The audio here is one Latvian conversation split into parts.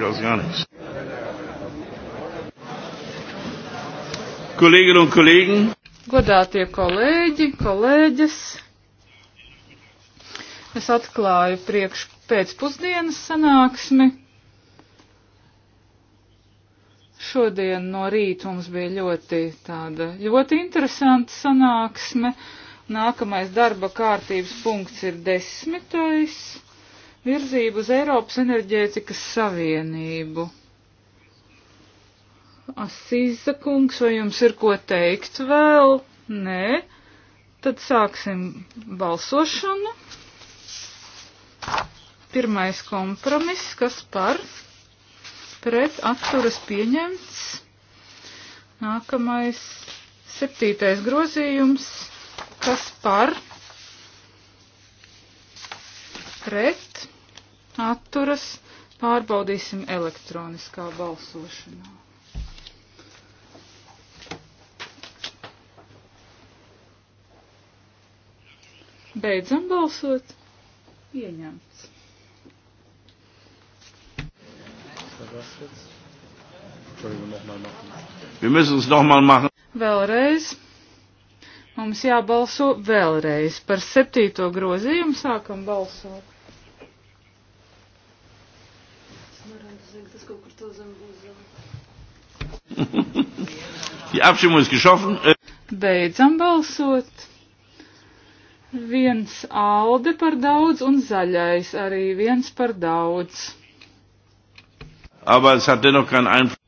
Jos Janis. Kolēģi un kolēģi. Godātie kolēģi, kolēģis. Es atklāju priekš pēcpusdienas sanāksmi. Šodien no rīta mums bija ļoti tāda ļoti interesanta sanāksme. Nākamais darba kārtības punkts ir desmitais virzību uz Eiropas enerģētikas savienību. Asīza kungs, vai jums ir ko teikt vēl? Nē, tad sāksim balsošanu. Pirmais kompromiss, kas par pret atturas pieņemts. Nākamais septītais grozījums, kas par pret atturas, pārbaudīsim elektroniskā balsošanā. Beidzam balsot. Pieņemts. Vēlreiz. Mums jābalso vēlreiz par septīto grozījumu. Sākam balsot. das Die Abstimmung ist geschaffen. Äh, Beidzam balsot. Viens alde par daudz un zaļais arī viens par daudz. Aber es hat dennoch keinen Einfluss.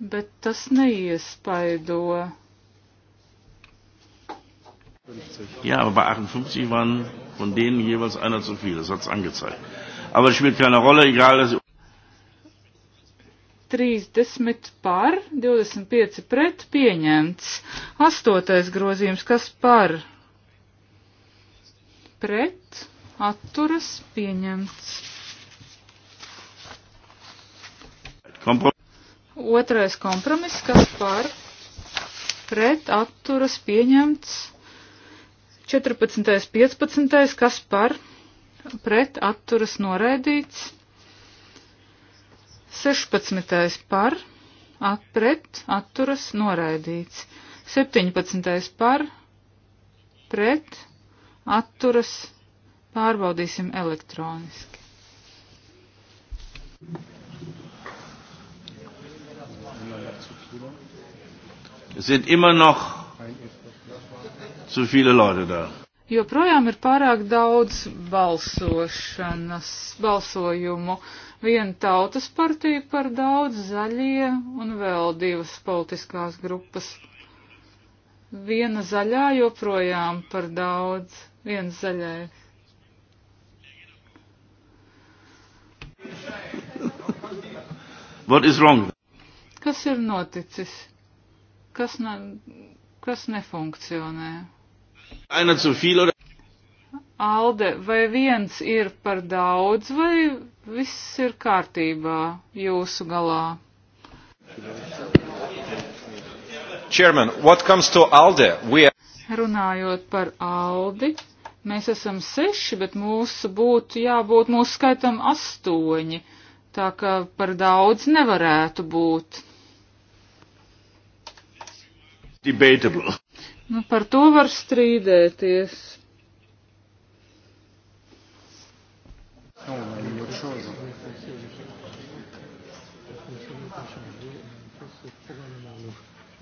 Bet tas neiespaido. Ja, aber bei 58 waren von denen jeweils einer zu viel. Das hat es angezeigt. Aber es spielt keine Rolle, egal. Dass 30 par, 25 pret pieņemts. Astotais grozījums, kas par? Pret, atturas pieņemts. Kompro Otrais kompromiss, kas par? Pret, atturas pieņemts. 14. 15. kas par? Pret, atturas noraidīts. 16. par, atpret, atturas, noraidīts. 17. par, pret, atturas, pārbaudīsim elektroniski. Es sind immer noch zu viele Leute da joprojām ir pārāk daudz balsošanas, balsojumu. Viena tautas partija par daudz, zaļie un vēl divas politiskās grupas. Viena zaļā joprojām par daudz, viens zaļais. What is wrong? Kas ir noticis? Kas, ne, kas nefunkcionē? Alde, vai viens ir par daudz, vai viss ir kārtībā jūsu galā? Chairman, what comes to Alde? We are... Runājot par Aldi, mēs esam seši, bet mūsu būtu jābūt, mūsu skaitam astoņi, tā ka par daudz nevarētu būt. Debatable. Nu, par to var strīdēties.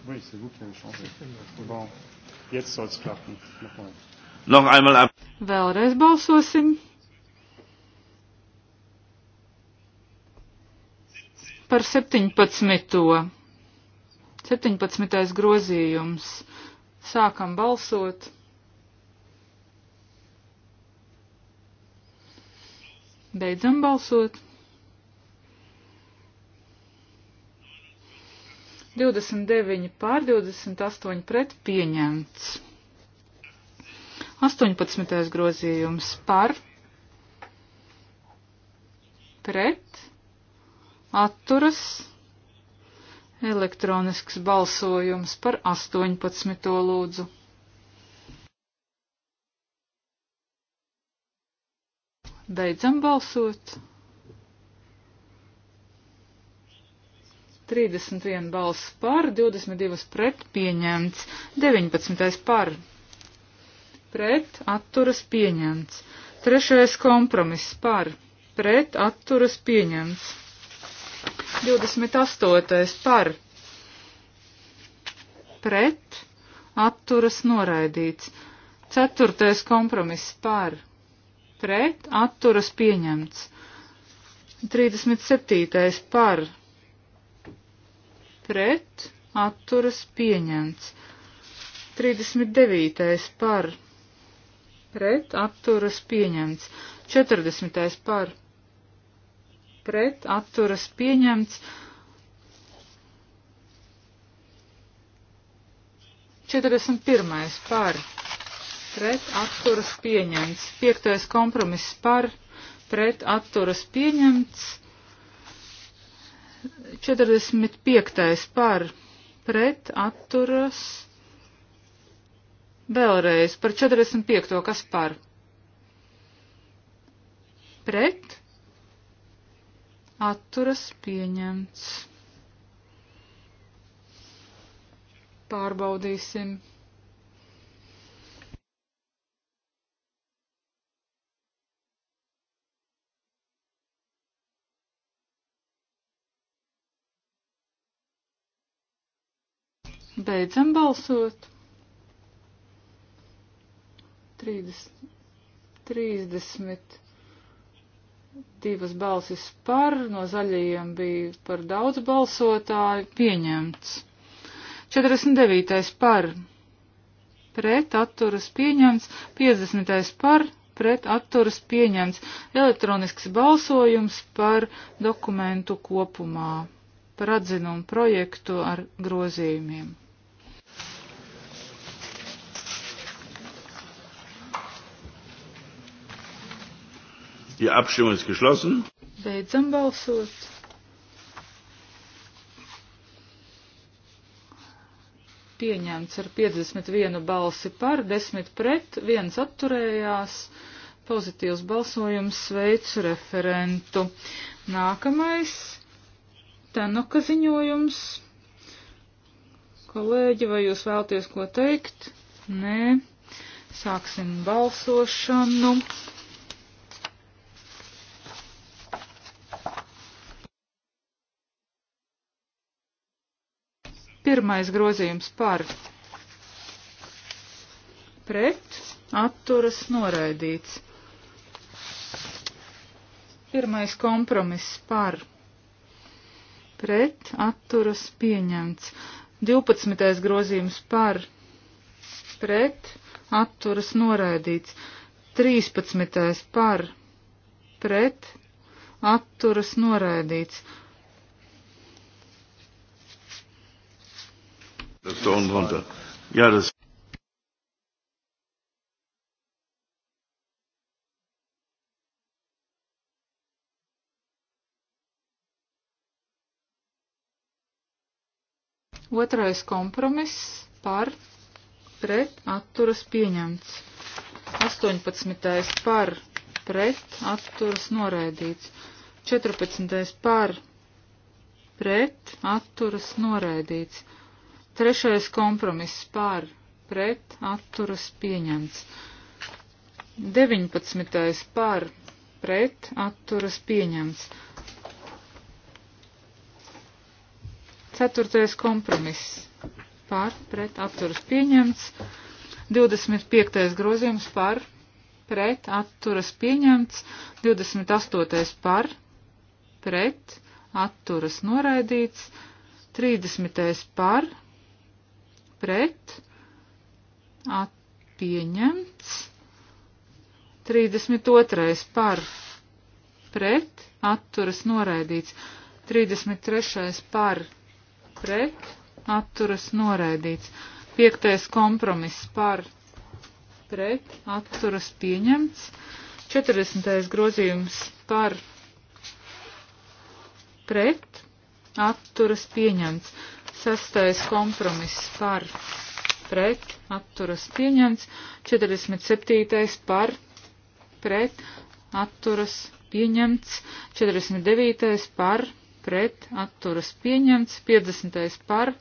Oui, c'est vous qui avez changé. Bon, jetzt soll's klappen. Noch einmal ab. Vēlreiz balsosim. Par 17. 17. grozījums Sākam balsot. Beidzam balsot. 29 pār 28 pret pieņemts. 18. grozījums par pret atturas Elektronisks balsojums par 18. lūdzu. Beidzam balsot. 31 balss par, 22 pret pieņemts, 19 par. Pret atturas pieņemts. Trešais kompromiss par. Pret atturas pieņemts. 28. par pret atturas noraidīts. 4. kompromiss par pret atturas pieņemts. 37. par pret atturas pieņemts. 39. par pret atturas pieņemts. 40. par pret pret atturas pieņemts. 41. par pret atturas pieņemts. 5. kompromiss par pret atturas pieņemts. 45. par pret atturas. Vēlreiz par 45. kas par pret atturas pieņemts. Pārbaudīsim. Beidzam balsot. 30. 30 divas balsis par, no zaļajiem bija par daudz balsotāju, pieņemts. 49. par, pret atturas pieņemts, 50. par, pret atturas pieņemts, elektronisks balsojums par dokumentu kopumā, par atzinumu projektu ar grozījumiem. Die Abstimmung ist geschlossen. Beidzam balsot. Pieņemts ar 51 balsi par, 10 pret, 1 atturējās. Pozitīvs balsojums sveicu referentu. Nākamais Tenoka ziņojums. Kolēģi, vai jūs vēlties ko teikt? Nē. Sāksim balsošanu. Pirmais grozījums par pret atturas noraidīts. Pirmais kompromiss par pret atturas pieņemts. 12. grozījums par pret atturas noraidīts. 13. par pret atturas noraidīts. Das da unten runter. Ja, das. Otrais kompromiss par pret atturas pieņemts. 18. par pret atturas noraidīts. 14. par pret atturas noraidīts. Trešais kompromiss par pret atturas pieņemts. 19. par pret atturas pieņemts. Ceturtais kompromiss par pret atturas pieņemts. 25. grozījums par pret atturas pieņemts. 28. par pret atturas noraidīts. 30. par pret, pieņemts. 32. par, pret, atturas noraidīts. 33. par, pret, atturas noraidīts. 5. kompromiss par, pret, atturas pieņemts. 40. grozījums par, pret, atturas pieņemts. Sastais kompromiss par pret atturas pieņemts. 47. par pret atturas pieņemts. 49. par pret atturas pieņemts. 50. par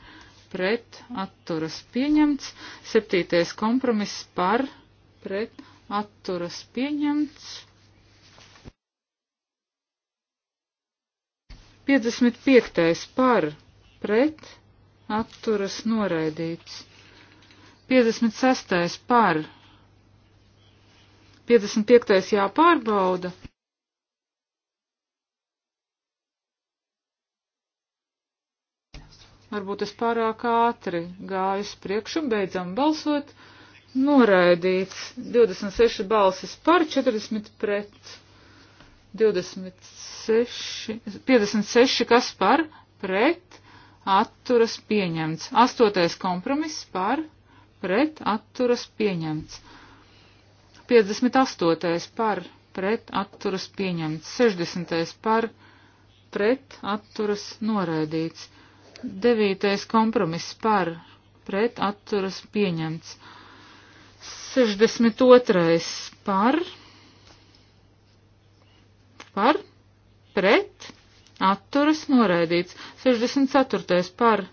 pret atturas pieņemts. 7. kompromiss par pret atturas pieņemts. 55. par pret atturas noraidīts. 56. par. 55. jāpārbauda. Varbūt es pārāk ātri gāju uz priekšu un beidzam balsot. Noraidīts 26 balsis par, 40 pret. 26, 56 kas par, pret atturas pieņemts. Astotais kompromiss par pret atturas pieņemts. 58. par pret atturas pieņemts. 60. par pret atturas noraidīts. 9. kompromiss par pret atturas pieņemts. 62. par par pret atturas noraidīts, 64. par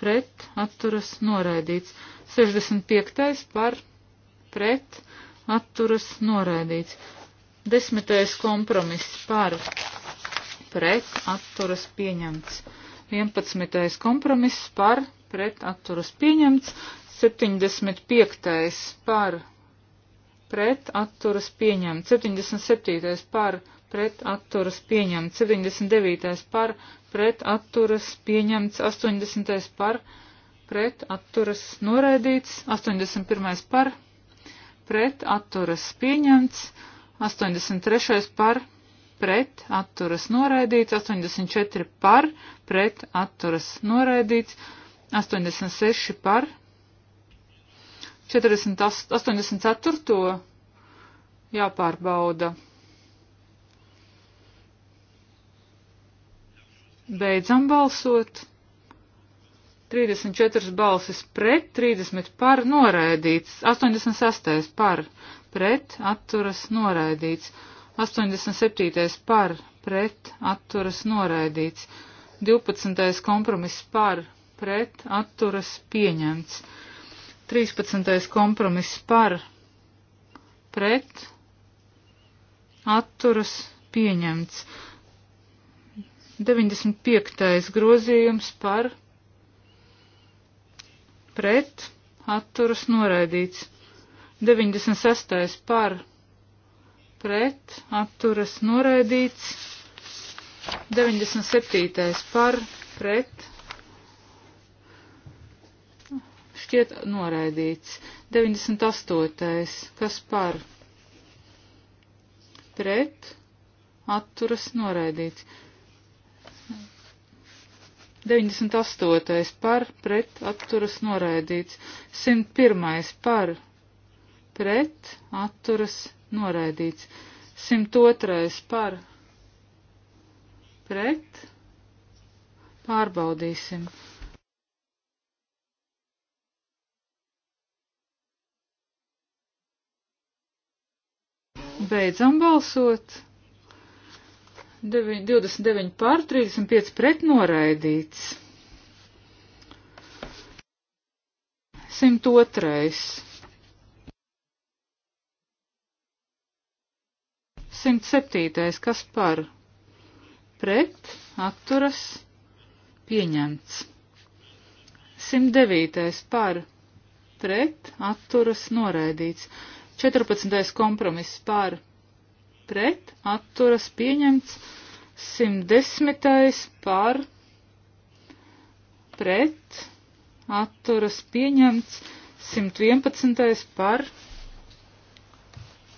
pret atturas noraidīts, 65. par pret atturas noraidīts, 10. kompromiss par pret atturas pieņemts, 11. kompromiss par pret atturas pieņemts, 75. par pret atturas pieņemts, 77. par pret pret atturas pieņemts, 79. par pret atturas pieņemts, 80. par pret atturas noraidīts, 81. par pret atturas pieņemts, 83. par pret atturas noraidīts, 84 par pret atturas noraidīts, 86 par 48, 84 jāpārbauda. Beidzam balsot. 34 balsis pret, 30 par noraidīts, 86 par pret, atturas noraidīts, 87 par pret, atturas noraidīts, 12. kompromiss par pret, atturas pieņemts, 13. kompromiss par pret, atturas pieņemts. 95. grozījums par pret atturas noraidīts. 96. par pret atturas noraidīts. 97. par pret šķiet noraidīts. 98. kas par pret atturas noraidīts. 98. par pret atturas noraidīts. 101. par pret atturas noraidīts. 102. par pret pārbaudīsim. Beidzam balsot. 9, 29 pār 35 pret noraidīts. 102. 107. kas par pret atturas pieņemts. 109. par pret atturas noraidīts. 14. kompromiss par pret pret atturas pieņemts 110. par pret atturas pieņemts 111. par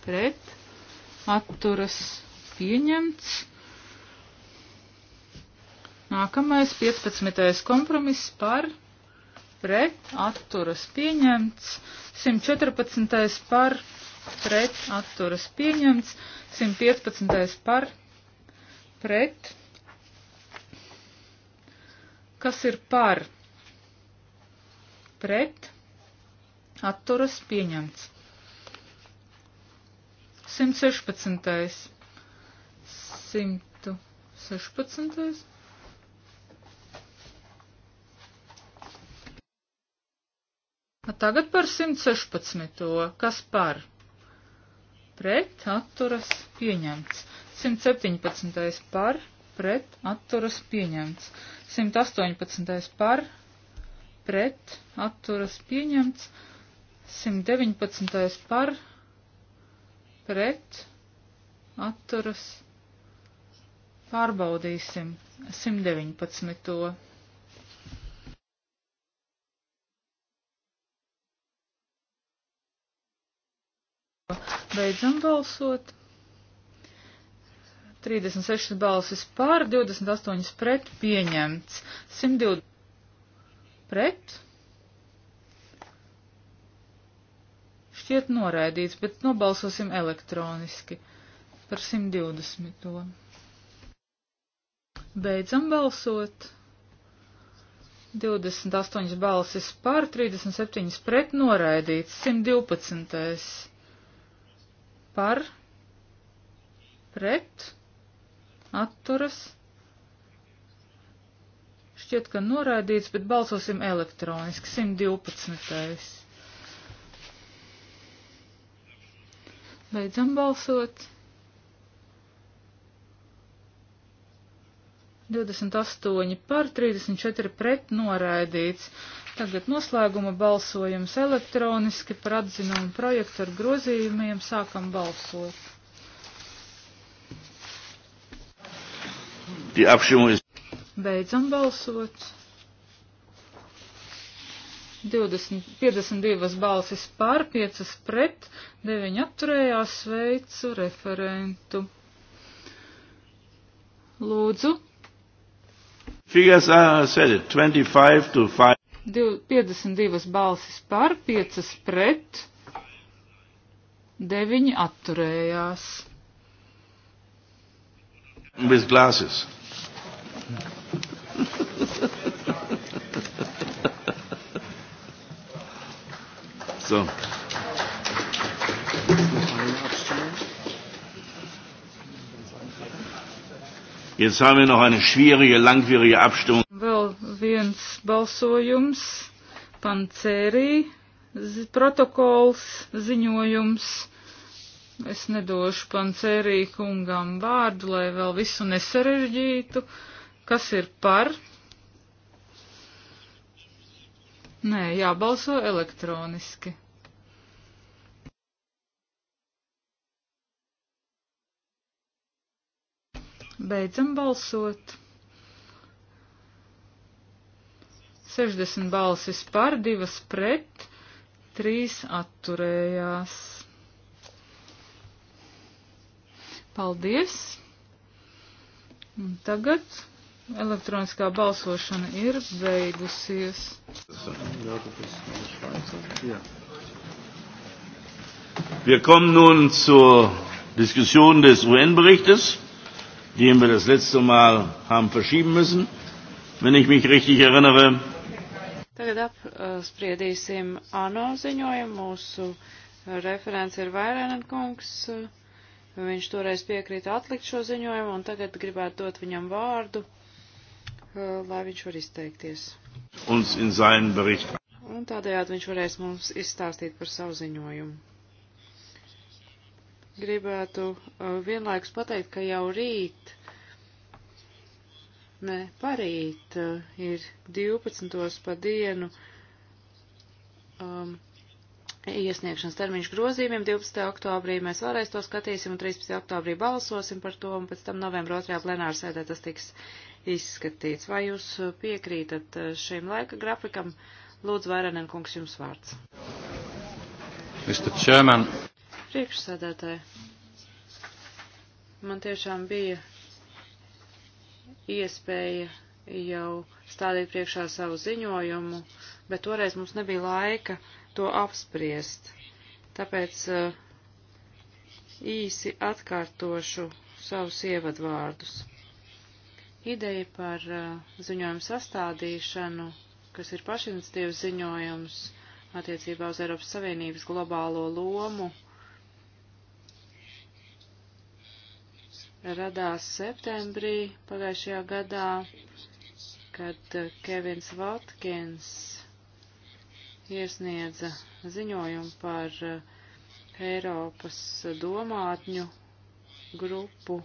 pret atturas pieņemts. Nākamais 15. kompromiss par pret atturas pieņemts 114. par pret pret atturas pieņemts, 115. par pret. Kas ir par? Pret atturas pieņemts. 116. 116. Nu, tagad par 116. Kas par? pret atturas pieņemts. 117. par pret atturas pieņemts. 118. par pret atturas pieņemts. 119. par pret atturas pārbaudīsim 119. Beidzam balsot. 36 balsis pār, 28 pret, pieņemts. 120 pret. Šķiet noraidīts, bet nobalsosim elektroniski par 120. To. Beidzam balsot. 28 balsis pār, 37 pret, noraidīts. 112 par pret atturas. Šķiet, ka noraidīts, bet balsosim elektroniski. 112. Beidzam balsot. 28 par 34 pret noraidīts. Tagad noslēguma balsojums elektroniski par atzinumu projektu ar grozījumiem. Sākam balsot. Beidzam balsot. 20, 52 balsis pār, 5 pret, 9 atturējās, sveicu referentu. Lūdzu, Figures are said 25 to 5. 52 balsis par, 5 pret, 9 atturējās. With glasses. so. Jetzt haben wir noch eine schwierige, langwierige Abstimmung. Vēl viens balsojums, pancērī, protokols, ziņojums. Es nedošu pancērī kungam vārdu, lai vēl visu nesarežģītu. Kas ir par? Nē, jābalso elektroniski. Beidzam balsot. 60 balsis par, 2 pret, 3 atturējās. Paldies! Un tagad elektroniskā balsošana ir beigusies. Wir kommen nun zur Diskussion des UN-Berichtes den wir das letzte Mal haben verschieben müssen, wenn ich mich richtig erinnere. Tagad apspriedīsim ANO ziņojumu. Mūsu referents ir Vairēnen kungs. Viņš toreiz piekrita atlikt šo ziņojumu, un tagad gribētu dot viņam vārdu, lai viņš var izteikties. Un tādējādi viņš varēs mums izstāstīt par savu ziņojumu gribētu uh, vienlaikus pateikt, ka jau rīt, ne parīt, uh, ir 12. pa dienu um, iesniegšanas termiņš grozījumiem. 12. oktobrī mēs vēlreiz to skatīsim un 13. oktobrī balsosim par to un pēc tam novembra 2. plenāra sēdē tas tiks izskatīts. Vai jūs piekrītat uh, šim laika grafikam? Lūdzu, Vairenen kungs, jums vārds. Mr. Chairman, Priekšsēdētāji, man tiešām bija iespēja jau stādīt priekšā savu ziņojumu, bet toreiz mums nebija laika to apspriest. Tāpēc uh, īsi atkārtošu savus ievadvārdus. Ideja par uh, ziņojumu sastādīšanu, kas ir pašinstīvs ziņojums attiecībā uz Eiropas Savienības globālo lomu radās septembrī pagājušajā gadā, kad eh, Kevins Vatkins iesniedza ziņojumu par eh, Eiropas domātņu grupu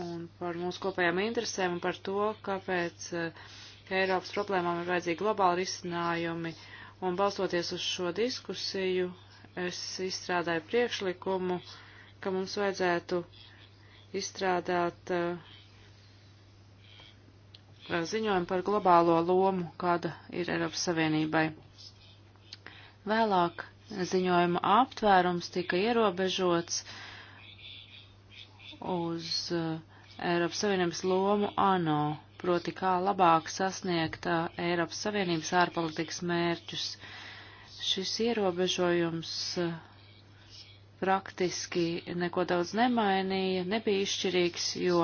un par mūsu kopējām interesēm un par to, kāpēc eh, Eiropas problēmām ir vajadzīgi globāli risinājumi. Un balstoties uz šo diskusiju, es izstrādāju priekšlikumu uh, ka mums vajadzētu izstrādāt uh, ziņojumu par globālo lomu, kāda ir Eiropas Savienībai. Vēlāk ziņojuma aptvērums tika ierobežots uz uh, Eiropas Savienības lomu ANO, proti kā labāk sasniegt uh, Eiropas Savienības ārpolitikas mērķus. Šis ierobežojums uh, praktiski neko daudz nemainīja, nebija izšķirīgs, jo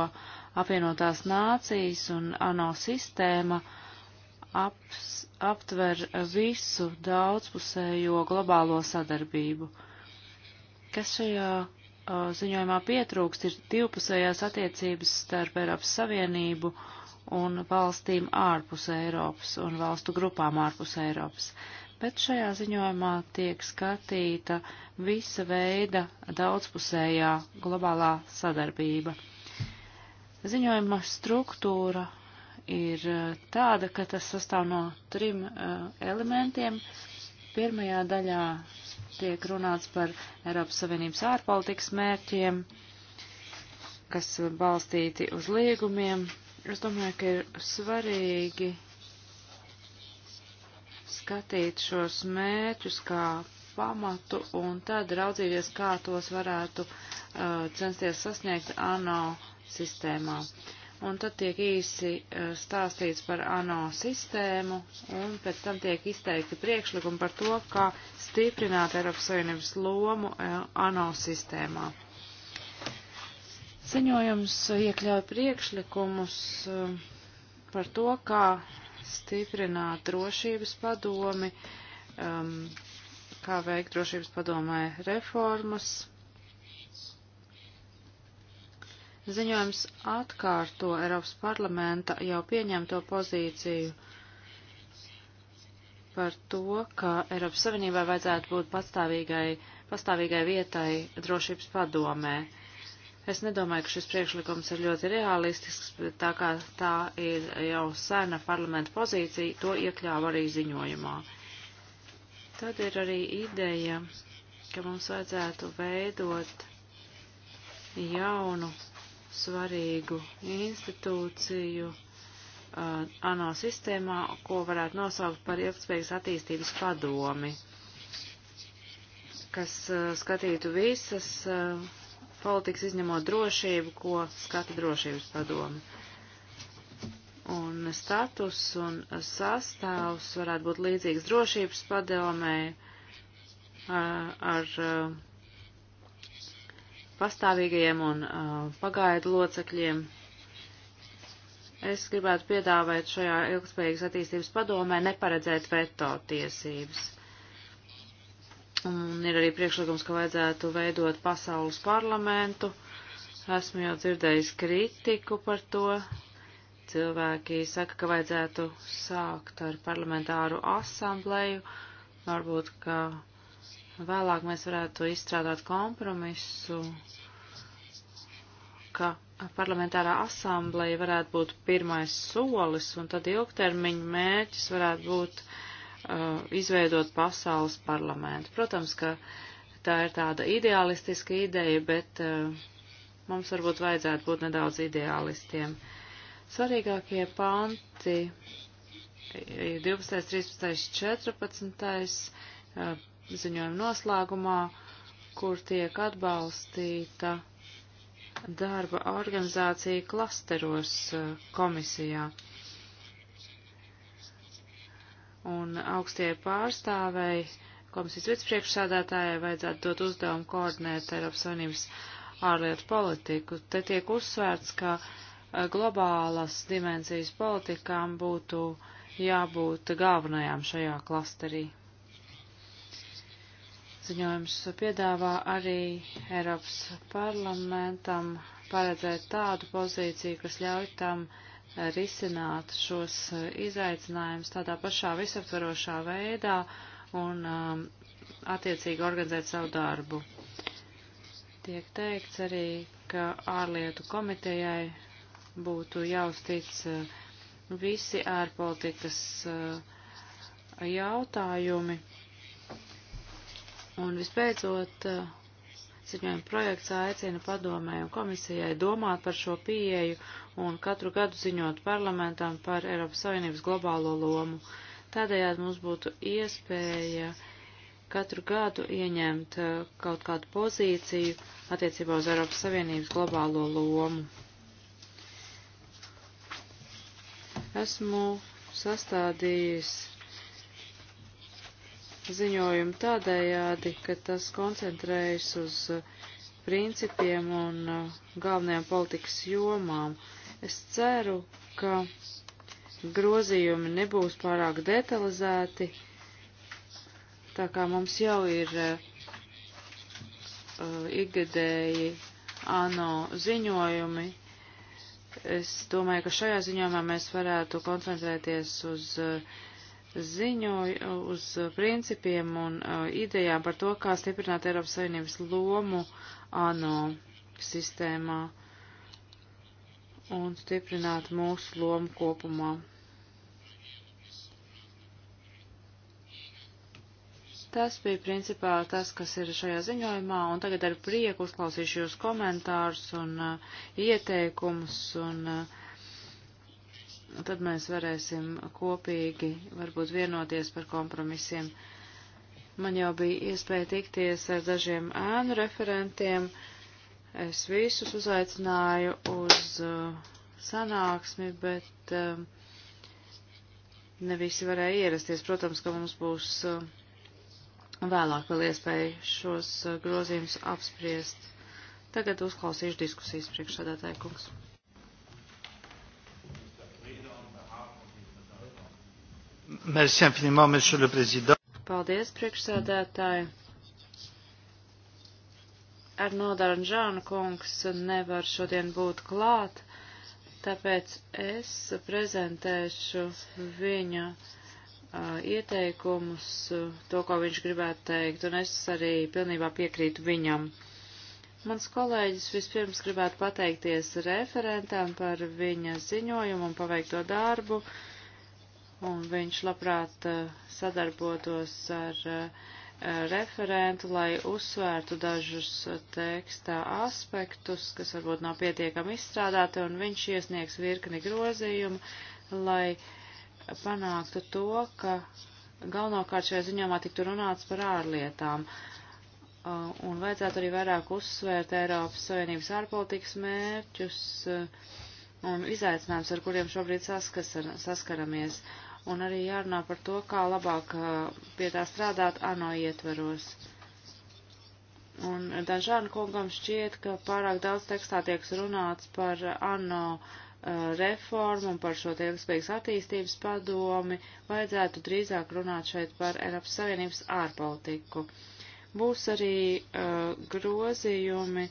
apvienotās nācijas un ANO sistēma aps, aptver visu daudzpusējo globālo sadarbību. Kas šajā uh, ziņojumā pietrūkst, ir divpusējās attiecības starp Eiropas Savienību un valstīm ārpus Eiropas un valstu grupām ārpus Eiropas bet šajā ziņojumā tiek skatīta visa veida daudzpusējā globālā sadarbība. Ziņojuma struktūra ir eh, tāda, ka tas sastāv no trim uh, elementiem. Pirmajā daļā tiek runāts par Eiropas Savienības ārpolitikas mērķiem, kas balstīti uz līgumiem. Es domāju, ka ir svarīgi skatīt šos mērķus kā pamatu un tad raudzīties, kā tos varētu uh, censties sasniegt ANO sistēmā. Un tad tiek īsi uh, stāstīts par ANO sistēmu, un pēc tam tiek izteikti priekšlikumi par to, kā stiprināt Eiropas Savienības lomu uh, ANO sistēmā. Ziņojums iekļauj priekšlikumus uh, par to, kā stiprināt drošības padomi, um, kā veikt drošības padomē reformas. Ziņojums atkārto Eiropas parlamenta jau pieņemto pozīciju par to, ka Eiropas Savienībai vajadzētu būt pastāvīgai, pastāvīgai vietai drošības padomē. Uh, Es nedomāju, ka šis priekšlikums ir ļoti realistisks, bet tā kā tā ir jau sena parlamenta pozīcija, to iekļāva arī ziņojumā. Tad ir arī ideja, ka mums vajadzētu veidot jaunu, svarīgu institūciju uh, ANO sistēmā, ko varētu nosaukt par ilgspējīgas attīstības padomi, kas uh, skatītu visas uh, politikas, izņemot drošību, ko skata drošības padomi. Un status un sastāvs varētu būt līdzīgs drošības padomē ar pastāvīgajiem un pagaidu locekļiem. Es gribētu piedāvāt šajā ilgspējīgas attīstības padomē neparedzēt veto tiesības. Un ir arī priekšlikums, ka vajadzētu veidot pasaules parlamentu. Esmu jau dzirdējis kritiku par to. Cilvēki saka, ka vajadzētu sākt ar parlamentāru asambleju. Varbūt, ka vēlāk mēs varētu izstrādāt kompromisu, ka parlamentārā asambleja varētu būt pirmais solis, un tad ilgtermiņa mērķis varētu būt uh, Uh, izveidot pasaules parlamentu. Protams, ka tā ir tāda ideālistiska ideja, bet uh, mums varbūt vajadzētu būt nedaudz ideālistiem. Svarīgākie panti 12, 13, 14 ziņojuma noslēgumā, kur tiek atbalstīta darba organizācija klasteros uh, komisijā. Uh, un augstie pārstāvēji komisijas vicepriekšsādātājai vajadzētu dot uzdevumu koordinēt Eiropas Savienības ārlietu politiku. Te tiek uzsvērts, ka eh, globālas dimensijas politikām būtu jābūt galvenajām šajā klasterī. Ziņojums piedāvā arī Eiropas parlamentam paredzēt tādu pozīciju, kas ļauj tam uh, risināt šos eh, izaicinājumus tādā pašā visaptvarošā veidā un um, attiecīgi organizēt savu darbu. Tiek teikts arī, ka ārlietu komitejai būtu jāuztic eh, visi ārpolitikas eh, jautājumi. Un visbeidzot, uh, Ziņojuma projekts aicina padomē un komisijai domāt par šo pieeju un katru gadu ziņot parlamentam par Eiropas Savienības globālo lomu. Tādējādi mums būtu iespēja katru gadu ieņemt eh, kaut kādu pozīciju attiecībā uz Eiropas Savienības globālo lomu. Esmu sastādījis ziņojumu tādējādi, ka tas koncentrējas uz uh, principiem un uh, galvenajām politikas jomām. Es ceru, ka grozījumi nebūs pārāk detalizēti, tā kā mums jau ir uh, uh ikgadēji ANO ziņojumi. Es domāju, ka šajā ziņojumā mēs varētu koncentrēties uz uh, ziņoja uz principiem un uh, idejām par to, kā stiprināt Eiropas Savienības lomu ANO sistēmā un stiprināt mūsu lomu kopumā. Tas bija principā tas, kas ir šajā ziņojumā, un tagad ar prieku uzklausīšu jūs komentārus un uh, ieteikumus un uh, tad mēs varēsim kopīgi varbūt vienoties par kompromisiem. Man jau bija iespēja tikties ar dažiem ēnu referentiem. Es visus uzaicināju uz uh, sanāksmi, bet um, ne visi varēja ierasties. Protams, ka mums būs uh, vēlāk vēl iespēja šos uh, grozījumus apspriest. Tagad uzklausīšu diskusijas priekšsādātāju kungs. Merci infiniment, monsieur le président. Paldies, priekšsēdētāji. Arno Daranžāna kungs nevar šodien būt klāt, tāpēc es prezentēšu viņa uh, ieteikumus, uh, to, ko viņš gribētu teikt, un es arī pilnībā piekrītu viņam. Mans kolēģis vispirms gribētu pateikties referentam par viņa ziņojumu un paveikto darbu. Uh, un viņš labprāt eh, sadarbotos ar eh, referentu, lai uzsvērtu dažus eh, tekstā aspektus, kas varbūt nav pietiekami izstrādāti, un viņš iesniegs virkni grozījumu, lai panāktu to, ka galvenokārt šajā ziņojumā tiktu runāts par ārlietām. Un vajadzētu arī vairāk uzsvērt Eiropas Savienības ārpolitikas mērķus, uh, un izaicinājums, ar kuriem šobrīd saskasar, saskaramies, un arī jārunā par to, kā labāk pie tā strādāt ANO ietveros. Un Danžāna kungam šķiet, ka pārāk daudz tekstā tiek runāts par ANO reformu un par šo ilgspējīgas attīstības padomi, vajadzētu drīzāk runāt šeit par Eiropas Savienības ārpolitiku. Būs arī uh, grozījumi,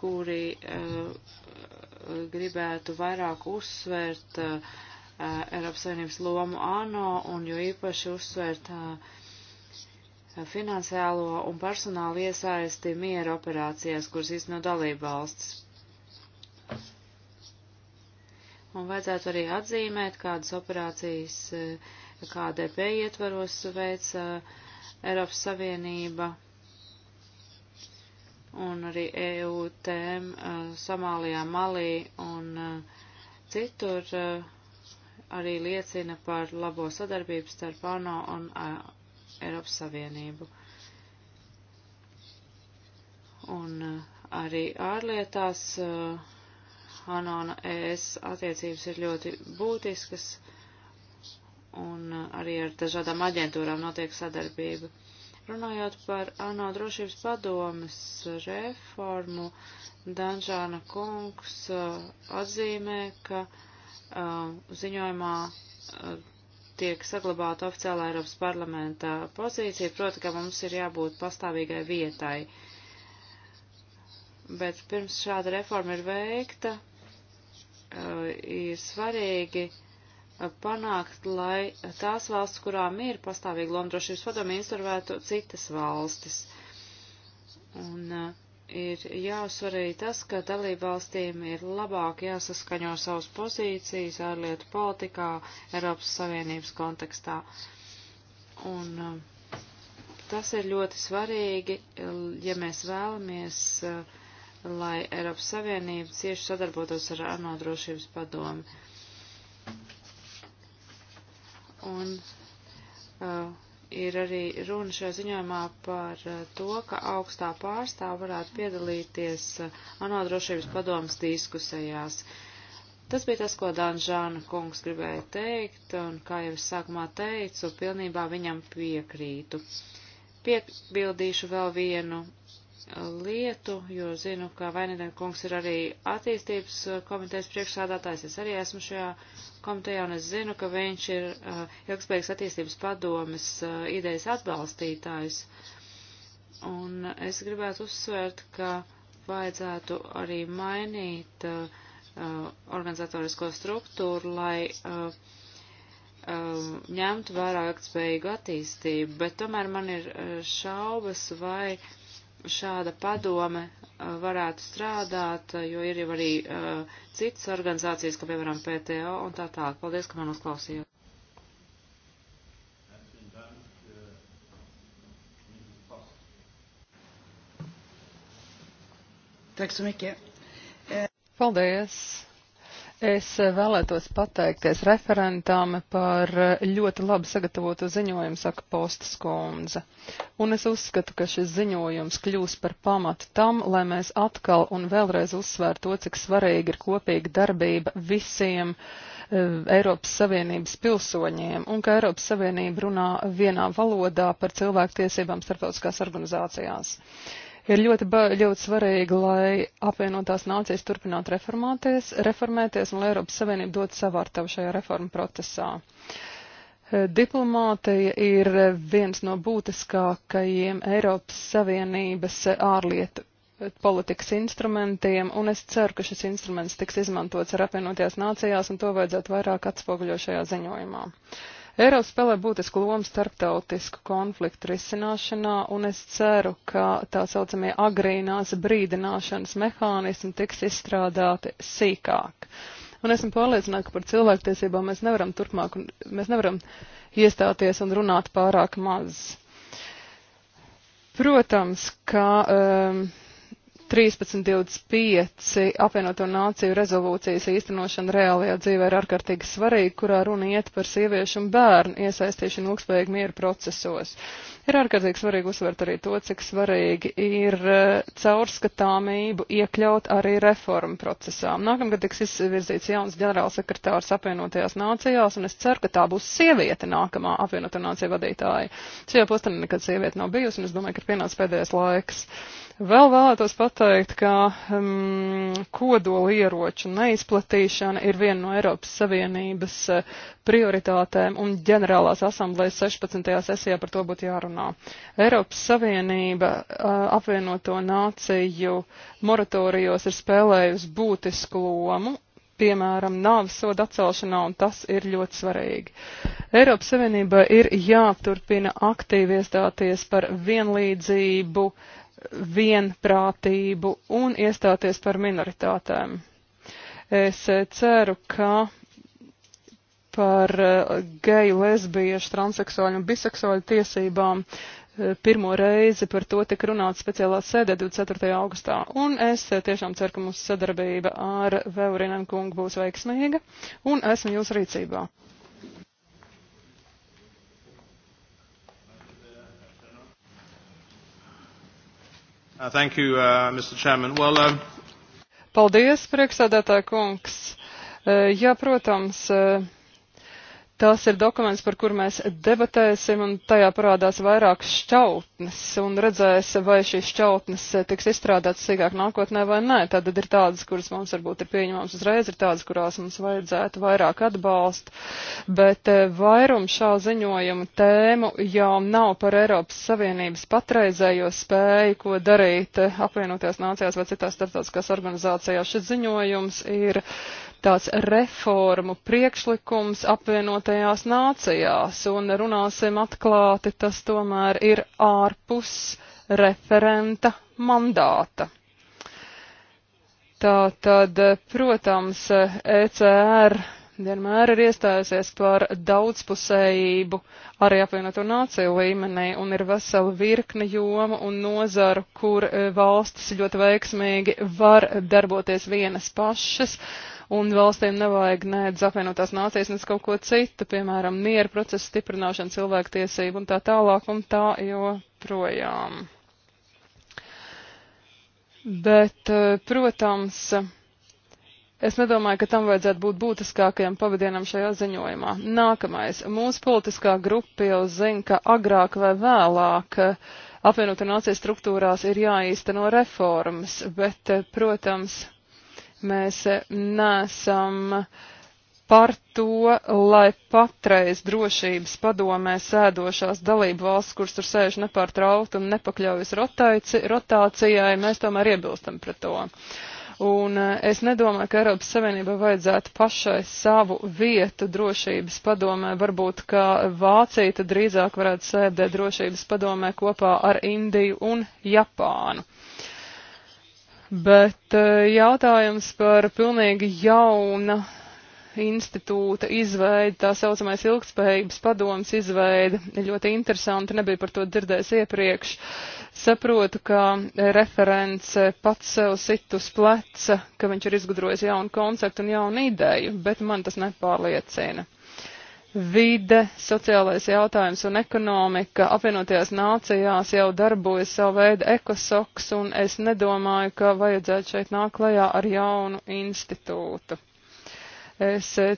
kuri uh, gribētu vairāk uzsvērt uh, Eiropas Savienības lomu ANO un jo īpaši uzsvērt uh, finansiālo un personālu iesaisti miera operācijās, kuras izno dalība valsts. Un vajadzētu arī atzīmēt, kādas operācijas eh, KDP ietvaros veica Eiropas Savienība un arī EU tēm eh, Somālijā, Malī un eh, citur eh, arī liecina par labo sadarbību starp ANO un Eiropas Savienību. Un arī ārlietās ANO un ES attiecības ir ļoti būtiskas, un arī ar dažādām aģentūrām notiek sadarbība. Runājot par ANO drošības padomes reformu, Danžāna kungs uh, atzīmē, ka uh, ziņojumā uh, tiek saglabāta oficiālā Eiropas parlamenta pozīcija, proti, ka mums ir jābūt pastāvīgai vietai. Bet pirms šāda reforma ir veikta, ir svarīgi panākt, lai tās valsts, kurām ir pastāvīgi lomdrošības padomi, instruētu citas valstis. Un uh, ir jāuzsver arī tas, ka dalību valstīm ir labāk jāsaskaņo savas pozīcijas ārlietu politikā, Eiropas Savienības kontekstā. Un uh, tas ir ļoti svarīgi, ja mēs vēlamies, uh, lai Eiropas Savienība cieši sadarbotos ar ANO drošības padomi. Uh, Un uh, ir arī runa šajā ziņojumā par uh, to, ka augstā pārstāv varētu piedalīties uh, ANO drošības padomas diskusējās. Tas bija tas, ko Danžāna kungs gribēja teikt, un kā jau es sākumā teicu, pilnībā viņam piekrītu. Piebildīšu vēl vienu uh, lietu, jo zinu, ka Vainidēna kungs ir arī attīstības uh, komitejas priekšsādātājs, es arī esmu šajā komitejā, un es zinu, ka viņš ir uh, ilgspējīgas attīstības padomes uh, idejas atbalstītājs. Un es gribētu uzsvērt, ka vajadzētu arī mainīt uh, uh organizatorisko struktūru, lai uh, um, uh, ņemt vērā ilgtspējīgu attīstību, bet tomēr man ir uh, šaubas, vai šāda padome varētu strādāt, jo ir jau arī uh, citas organizācijas, kā piemēram PTO un tā tālāk. Paldies, ka man uzklausījāt. Paldies! Es vēlētos pateikties referentām par ļoti labi sagatavotu ziņojumu, saka Postas kundze. Un es uzskatu, ka šis ziņojums kļūs par pamatu tam, lai mēs atkal un vēlreiz uzsvērtu to, cik svarīgi ir kopīga darbība visiem e, Eiropas Savienības pilsoņiem, un ka Eiropas Savienība runā vienā valodā par cilvēktiesībām starptautiskās organizācijās. Uh, Ir ļoti, ļoti svarīgi, lai apvienotās nācijas turpinātu reformēties, reformēties un lai Eiropas Savienība dotu savu ar tevu šajā reformu procesā. Eh, diplomātija ir eh, viens no būtiskākajiem Eiropas Savienības eh, ārlietu politikas instrumentiem, un es ceru, ka šis instruments tiks izmantots ar apvienotajās nācijās, un to vajadzētu vairāk atspoguļo šajā ziņojumā. Uh, Eiropa spēlē būtisku lomu starptautisku konfliktu risināšanā, un es ceru, ka tā saucamie agrīnās brīdināšanas mehānismi tiks izstrādāti sīkāk. Un esmu pārliecināta, ka par cilvēktiesībām mēs nevaram turpmāk, mēs nevaram iestāties un runāt pārāk maz. Protams, ka um, 1325 apvienoto nāciju rezolūcijas īstenošana reālajā dzīvē ir ārkārtīgi svarīga, kurā runa iet par sieviešu un bērnu iesaistīšanu ilgspējīgi mieru procesos. Ir ārkārtīgi svarīgi uzsvert arī to, cik svarīgi ir e, caurskatāmību iekļaut arī reformu procesā. Nākamgad tiks izvirzīts jauns ģenerālsekretārs apvienotajās nācijās, un es ceru, ka tā būs sieviete nākamā apvienoto nāciju vadītāja. Šajā postenī nekad sieviete nav bijusi, un es domāju, ka ir pienācis pēdējais laiks. Vēl vēlētos pateikt, ka um, kodolieroču neizplatīšana ir viena no Eiropas Savienības uh, prioritātēm un ģenerālās asamblējas 16. sesijā par to būtu jārunā. Eiropas Savienība uh, apvienoto nāciju moratorijos ir spēlējusi būtisku lomu piemēram, nāves soda atcelšanā, un tas ir ļoti svarīgi. Eiropas Savienībai ir jāturpina aktīvi iestāties par vienlīdzību, uh, vienprātību un iestāties par minoritātēm. Es eh, ceru, ka par eh, geju, lesbiešu, transseksuāļu un biseksuāļu tiesībām eh, pirmo reizi par to tika runāts speciālā sēdē 24. augustā. Un es tiešām ceru, ka mūsu sadarbība ar Veurinen kungu būs veiksmīga un esmu jūs rīcībā. Uh, thank you, uh, Mr. Chairman. Well, um... Paldies, priekšsēdētāja kungs. Uh, jā, protams, uh, Tas ir dokuments, par kur mēs debatēsim, un tajā parādās vairākas šķautnes, un redzēs, vai šīs šķautnes tiks izstrādātas sīkāk nākotnē vai nē. Tad ir tādas, kuras mums varbūt ir pieņemams uzreiz, ir tādas, kurās mums vajadzētu vairāk atbalstu, bet eh, vairum šā ziņojuma tēmu jau nav par Eiropas Savienības patreizējo spēju, ko darīt eh, apvienoties nācijās vai citās starptautiskās organizācijās. Šis ziņojums ir tās reformu priekšlikums apvienotajās nācijās, un runāsim atklāti, tas tomēr ir ārpus referenta mandāta. Tā tad, protams, ECR vienmēr ir iestājusies par daudzpusējību arī apvienoto nāciju līmenī un ir vesela virkne joma un nozaru, kur e, valstis ļoti veiksmīgi var darboties vienas pašas un valstīm nevajag nedz apvienotās nācijas, nedz kaut ko citu, piemēram, miera procesa stiprināšana, cilvēktiesību un tā tālāk un tā joprojām. Bet, eh, protams, Es nedomāju, ka tam vajadzētu būt būtiskākajam pavadienam šajā ziņojumā. Nākamais. Mūsu politiskā grupa jau zina, ka agrāk vai vēlāk eh, apvienotu nācijas struktūrās ir jāīsteno reformas, bet, eh, protams, Mēs nesam par to, lai patreiz drošības padomē sēdošās dalību valsts, kuras tur sēž nepārtraukt un nepakļaujas rotāci, rotācijai, mēs tomēr iebilstam pret to. Un eh, es nedomāju, ka Eiropas Savienība vajadzētu pašai savu vietu drošības padomē. Varbūt, ka Vācija tad drīzāk varētu sēdēt drošības padomē kopā ar Indiju un Japānu bet eh, jautājums par pilnīgi jauna institūta izveidi, tā saucamais ilgspējības padomas izveidi, ir ļoti interesanti, nebija par to dzirdējis iepriekš. Saprotu, ka referents pats sev sit uz pleca, ka viņš ir izgudrojis jaunu konceptu un jaunu ideju, bet man tas nepārliecina vide, sociālais jautājums un ekonomika apvienotajās nācijās jau darbojas savu veidu ekosoks, un es nedomāju, ka vajadzētu šeit nākt klajā ar jaunu institūtu. Es eh,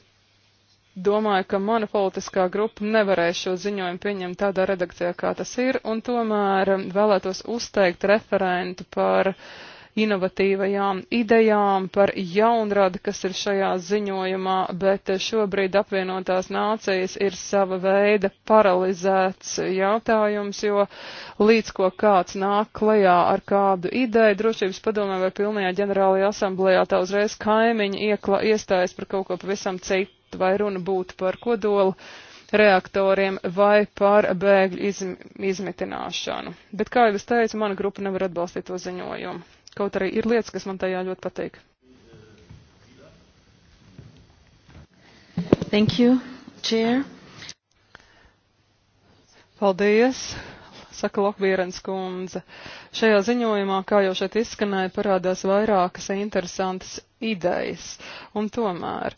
domāju, ka mana politiskā grupa nevarēs šo ziņojumu pieņemt tādā redakcijā, kā tas ir, un tomēr um, vēlētos uzteikt referentu par uh, inovatīvajām idejām, par jaunradu, kas ir šajā ziņojumā, bet šobrīd apvienotās nācijas ir sava veida paralizēts jautājums, jo līdz ko kāds nāk klajā ar kādu ideju, drošības padomē vai pilnajā ģenerālajā asamblējā, tā uzreiz kaimiņi iekla, iestājas par kaut ko pavisam citu, vai runa būtu par kodolu reaktoriem vai par bēgļu izm izmitināšanu. Bet, kā jau es teicu, mana grupa nevar atbalstīt to ziņojumu. Kaut arī ir lietas, kas man tajā ļoti patīk. Thank you, Chair. Paldies, saka Lokvierens kundze. Šajā ziņojumā, kā jau šeit izskanēja, parādās vairākas interesantas idejas. Un tomēr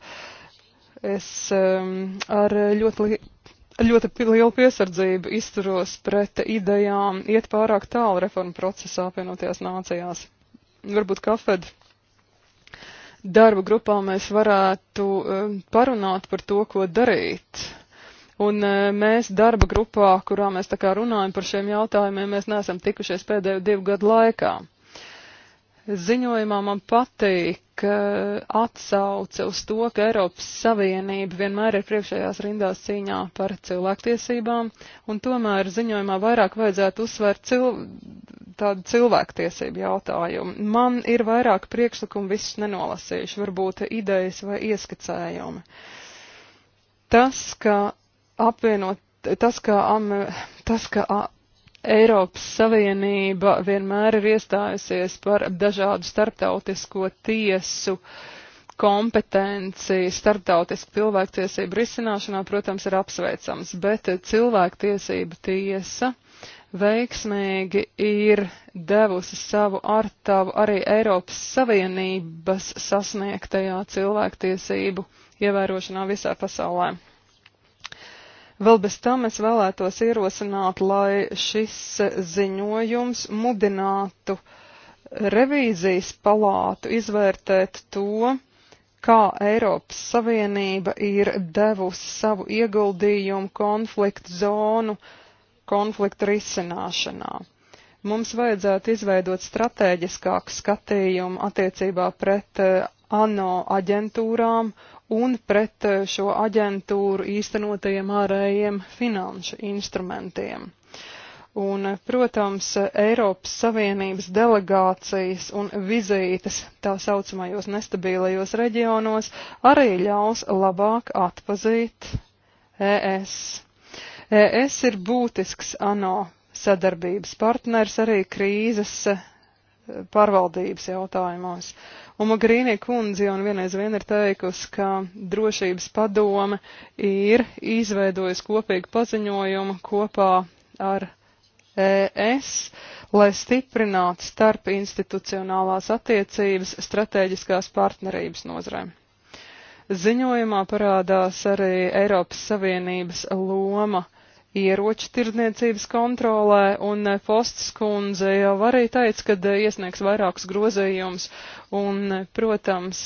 es um, ar ļoti, ļoti lielu piesardzību izturos pret idejām iet pārāk tālu reformu procesā apvienotajās nācijās varbūt kafed darba grupā mēs varētu e, parunāt par to, ko darīt. Un e, mēs darba grupā, kurā mēs tā kā runājam par šiem jautājumiem, mēs neesam tikušies pēdējo divu gadu laikā. Ziņojumā man patīk atsauce uz to, ka Eiropas Savienība vienmēr ir priekšējās rindās cīņā par cilvēktiesībām, un tomēr ziņojumā vairāk vajadzētu uzsvērt cil tādu cilvēktiesību jautājumu. Man ir vairāk priekšlikumu, visus nenolasījuši, varbūt idejas vai ieskicējumi. Tas, ka apvienot, tas, ka, am, tas, ka Eiropas Savienība vienmēr ir iestājusies par dažādu starptautisko tiesu kompetenci starptautisku cilvēktiesību risināšanā, protams, ir apsveicams, bet cilvēktiesība tiesa veiksmīgi ir devusi savu artavu arī Eiropas Savienības sasniegtajā cilvēktiesību ievērošanā visā pasaulē. Vēl bez tam es vēlētos ierosināt, lai šis ziņojums mudinātu revīzijas palātu izvērtēt to, kā Eiropas Savienība ir devusi savu ieguldījumu konfliktu zonu konfliktu risināšanā. Mums vajadzētu izveidot strateģiskāku skatījumu attiecībā pret eh, ANO aģentūrām un pret eh, šo aģentūru īstenotajiem ārējiem finanšu instrumentiem. Un, eh, protams, Eiropas Savienības delegācijas un vizītes tā saucamajos nestabilajos reģionos arī ļaus labāk atpazīt ES. ES ir būtisks ANO sadarbības partners arī krīzes eh, pārvaldības jautājumos. Un Mogrīnī kundze jau nu vienreiz vien ir teikusi, ka drošības padome ir izveidojusi kopīgu paziņojumu kopā ar ES, lai stiprinātu starp institucionālās attiecības strateģiskās partnerības nozarēm. Ziņojumā parādās arī Eiropas Savienības loma ieroču tirdzniecības kontrolē, un eh, Fosts kundze jau arī teica, ka eh, iesniegs vairākus grozījumus, un, eh, protams,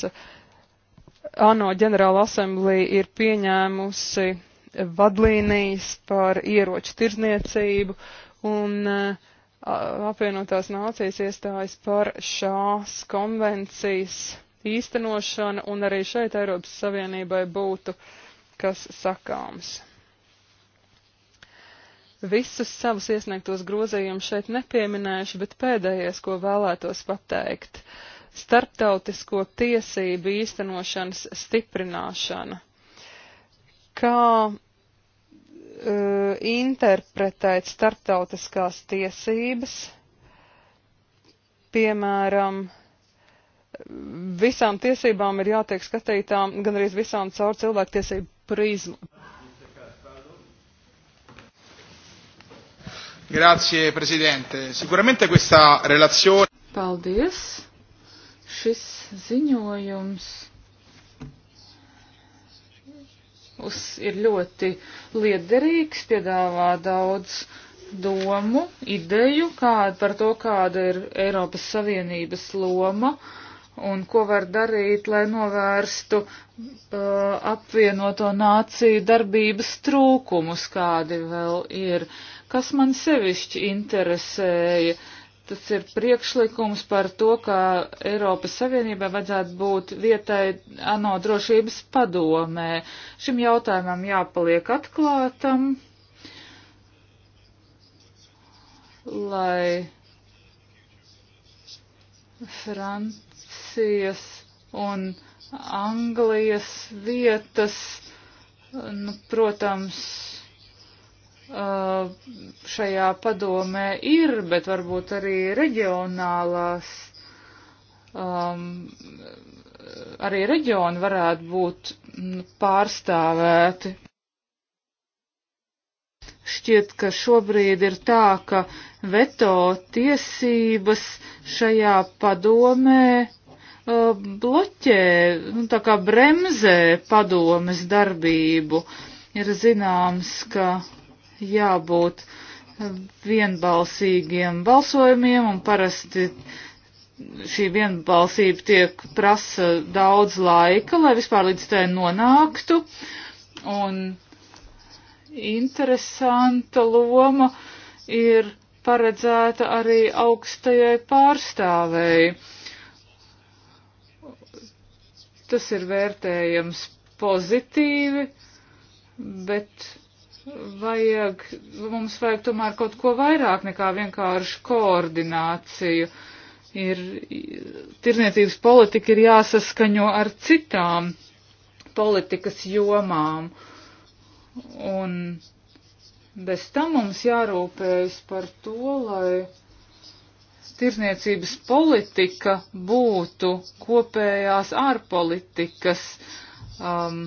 ANO ģenerāla asamblija ir pieņēmusi vadlīnijas par ieroču tirdzniecību, un apvienotās nācijas iestājas par šās konvencijas īstenošanu, un arī šeit Eiropas Savienībai būtu kas sakāms. Visus savus iesniegtos grozījumus šeit nepieminēšu, bet pēdējais, ko vēlētos pateikt - starptautisko tiesību īstenošanas stiprināšana. Kā uh, interpretēt starptautiskās tiesības, piemēram, visām tiesībām ir jātiek skatītām gan arī visām caur cilvēktiesību prizmu. Grazie, Presidente. Sicuramente questa relazione. Paldies. Šis ziņojums uz, ir ļoti liederīgs, piedāvā daudz domu, ideju kā, par to, kāda ir Eiropas Savienības loma. Uh, un ko var darīt, lai novērstu uh, apvienoto nāciju darbības trūkumus, kādi vēl ir. Kas man sevišķi interesēja, tas ir priekšlikums par to, ka Eiropas Savienībai vajadzētu būt vietai ANO drošības padomē. Šim jautājumam jāpaliek atklātam, lai. Frant Vācijas un Anglijas vietas, nu, protams, šajā padomē ir, bet varbūt arī reģionālās, um, arī reģioni varētu būt nu, pārstāvēti. Šķiet, ka šobrīd ir tā, ka veto tiesības šajā padomē Eh, bloķē, nu, tā kā bremzē padomes darbību. Ir zināms, ka jābūt vienbalsīgiem balsojumiem un parasti šī vienbalsība tiek prasa daudz laika, lai vispār līdz tai nonāktu. Un interesanta loma ir paredzēta arī augstajai pārstāvēji Tas ir vērtējams pozitīvi, bet vajag, mums vajag tomēr kaut ko vairāk nekā vienkārši koordināciju. Ir, tirniecības politika ir jāsaskaņo ar citām politikas jomām. Un bez tam mums jārūpējas par to, lai tirzniecības politika būtu kopējās ārpolitikas um,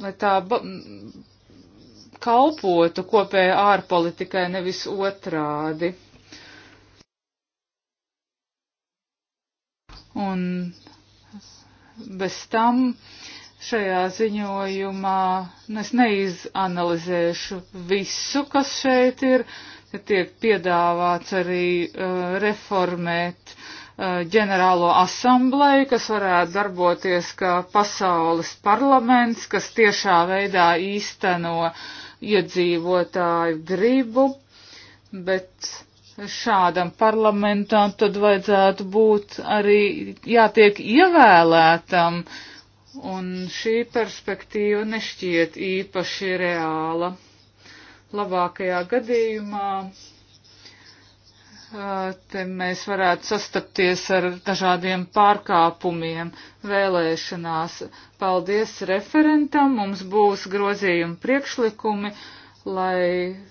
lai tā kalpotu kopējai ārpolitikai, nevis otrādi. Un bez tam šajā ziņojumā. Es neizanalizēšu visu, kas šeit ir. Te tiek piedāvāts arī uh, reformēt uh, ģenerālo asambleju, kas varētu darboties kā pasaules parlaments, kas tiešā veidā īsteno iedzīvotāju gribu, bet šādam parlamentam tad vajadzētu būt arī jātiek ievēlētam, uh, un šī perspektīva nešķiet īpaši reāla. Labākajā gadījumā te mēs varētu sastapties ar dažādiem pārkāpumiem vēlēšanās. Paldies referentam, mums būs grozījumi priekšlikumi, lai,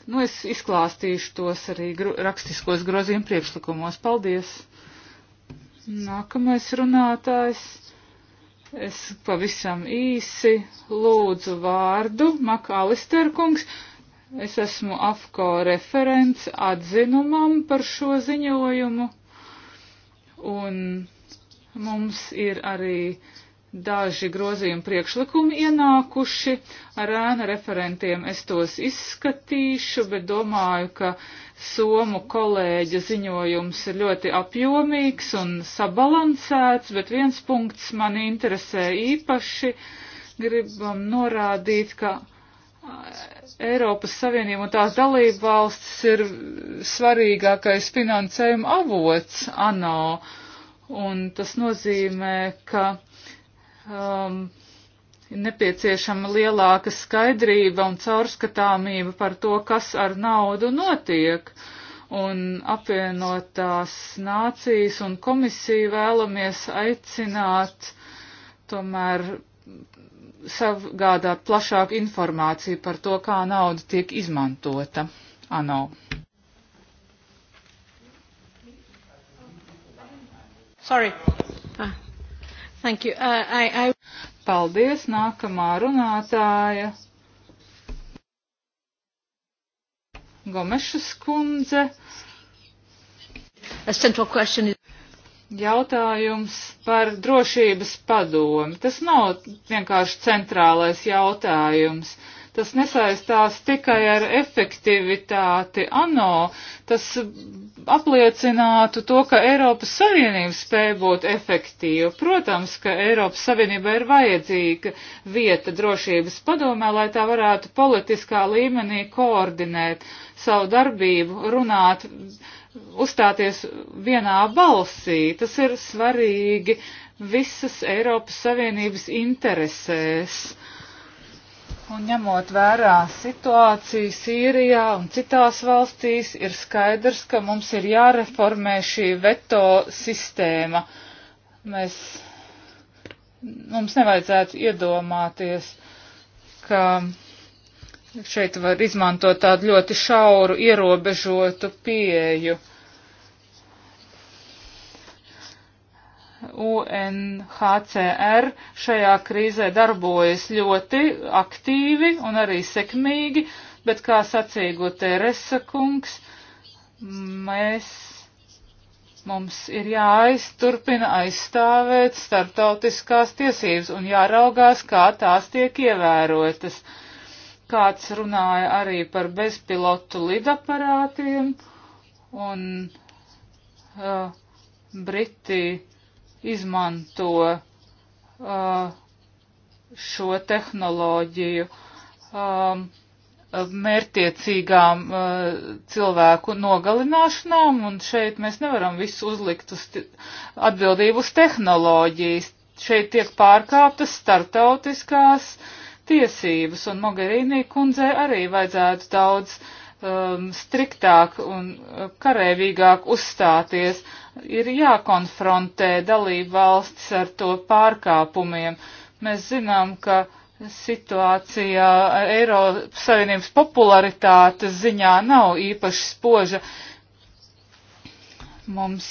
nu, es izklāstīšu tos arī gro, rakstiskos grozījumu priekšlikumos. Paldies! Nākamais runātājs. Es pavisam īsi lūdzu vārdu, Makalisterkungs. Es esmu AFCO referents atzinumam par šo ziņojumu. Un mums ir arī uh, daži grozījumi priekšlikumi ienākuši. Ar ēna referentiem es tos izskatīšu, bet domāju, ka somu kolēģa ziņojums ir ļoti apjomīgs un sabalansēts, bet viens punkts man interesē īpaši. Gribam norādīt, ka Eiropas Savienība un tās dalība valstis ir svarīgākais finansējuma avots ANO. Un tas nozīmē, ka um, nepieciešama lielāka skaidrība un caurskatāmība par to, kas ar naudu notiek. Un apvienotās nācijas un komisiju vēlamies aicināt tomēr savgādāt plašāku informāciju par to, kā nauda tiek izmantota. Ano. Sorry. Ah. Thank you. Uh, I, I... Paldies, nākamā runātāja. Gomešas kundze. Jautājums par drošības padomu. Tas nav vienkārši centrālais jautājums. Uh, Tas nesaistās tikai ar efektivitāti ANO, tas apliecinātu to, ka Eiropas Savienība spēja būt efektīva. Protams, ka Eiropas Savienība ir vajadzīga vieta drošības padomē, lai tā varētu politiskā līmenī koordinēt savu darbību, runāt uzstāties vienā balsī. Tas ir svarīgi visas Eiropas Savienības interesēs. Un ņemot vērā situāciju Sīrijā un citās valstīs, ir skaidrs, ka mums ir jāreformē šī veto sistēma. Mēs, mums nevajadzētu iedomāties, ka šeit var izmantot tādu ļoti šauru, ierobežotu pieeju. Uh, UNHCR šajā krīzē darbojas ļoti aktīvi un arī sekmīgi, bet, kā sacīja Guteresa kungs, mēs, mums ir jāaizturpina aizstāvēt startautiskās tiesības un jāraugās, kā tās tiek ievērotas. Kāds runāja arī par bezpilotu lidaparātiem un uh, Briti izmanto uh, šo tehnoloģiju um, mērtiecīgām uh, cilvēku nogalināšanām, un šeit mēs nevaram visu uzlikt uz atbildību uz tehnoloģijas. Šeit tiek pārkāptas startautiskās tiesības, un Mogherīnī kundzei arī vajadzētu daudz um, striktāk un uh, karēvīgāk uzstāties ir jākonfrontē dalību valstis ar to pārkāpumiem. Mēs zinām, ka situācija Eiropas Savienības popularitātes ziņā nav īpaši spoža. Mums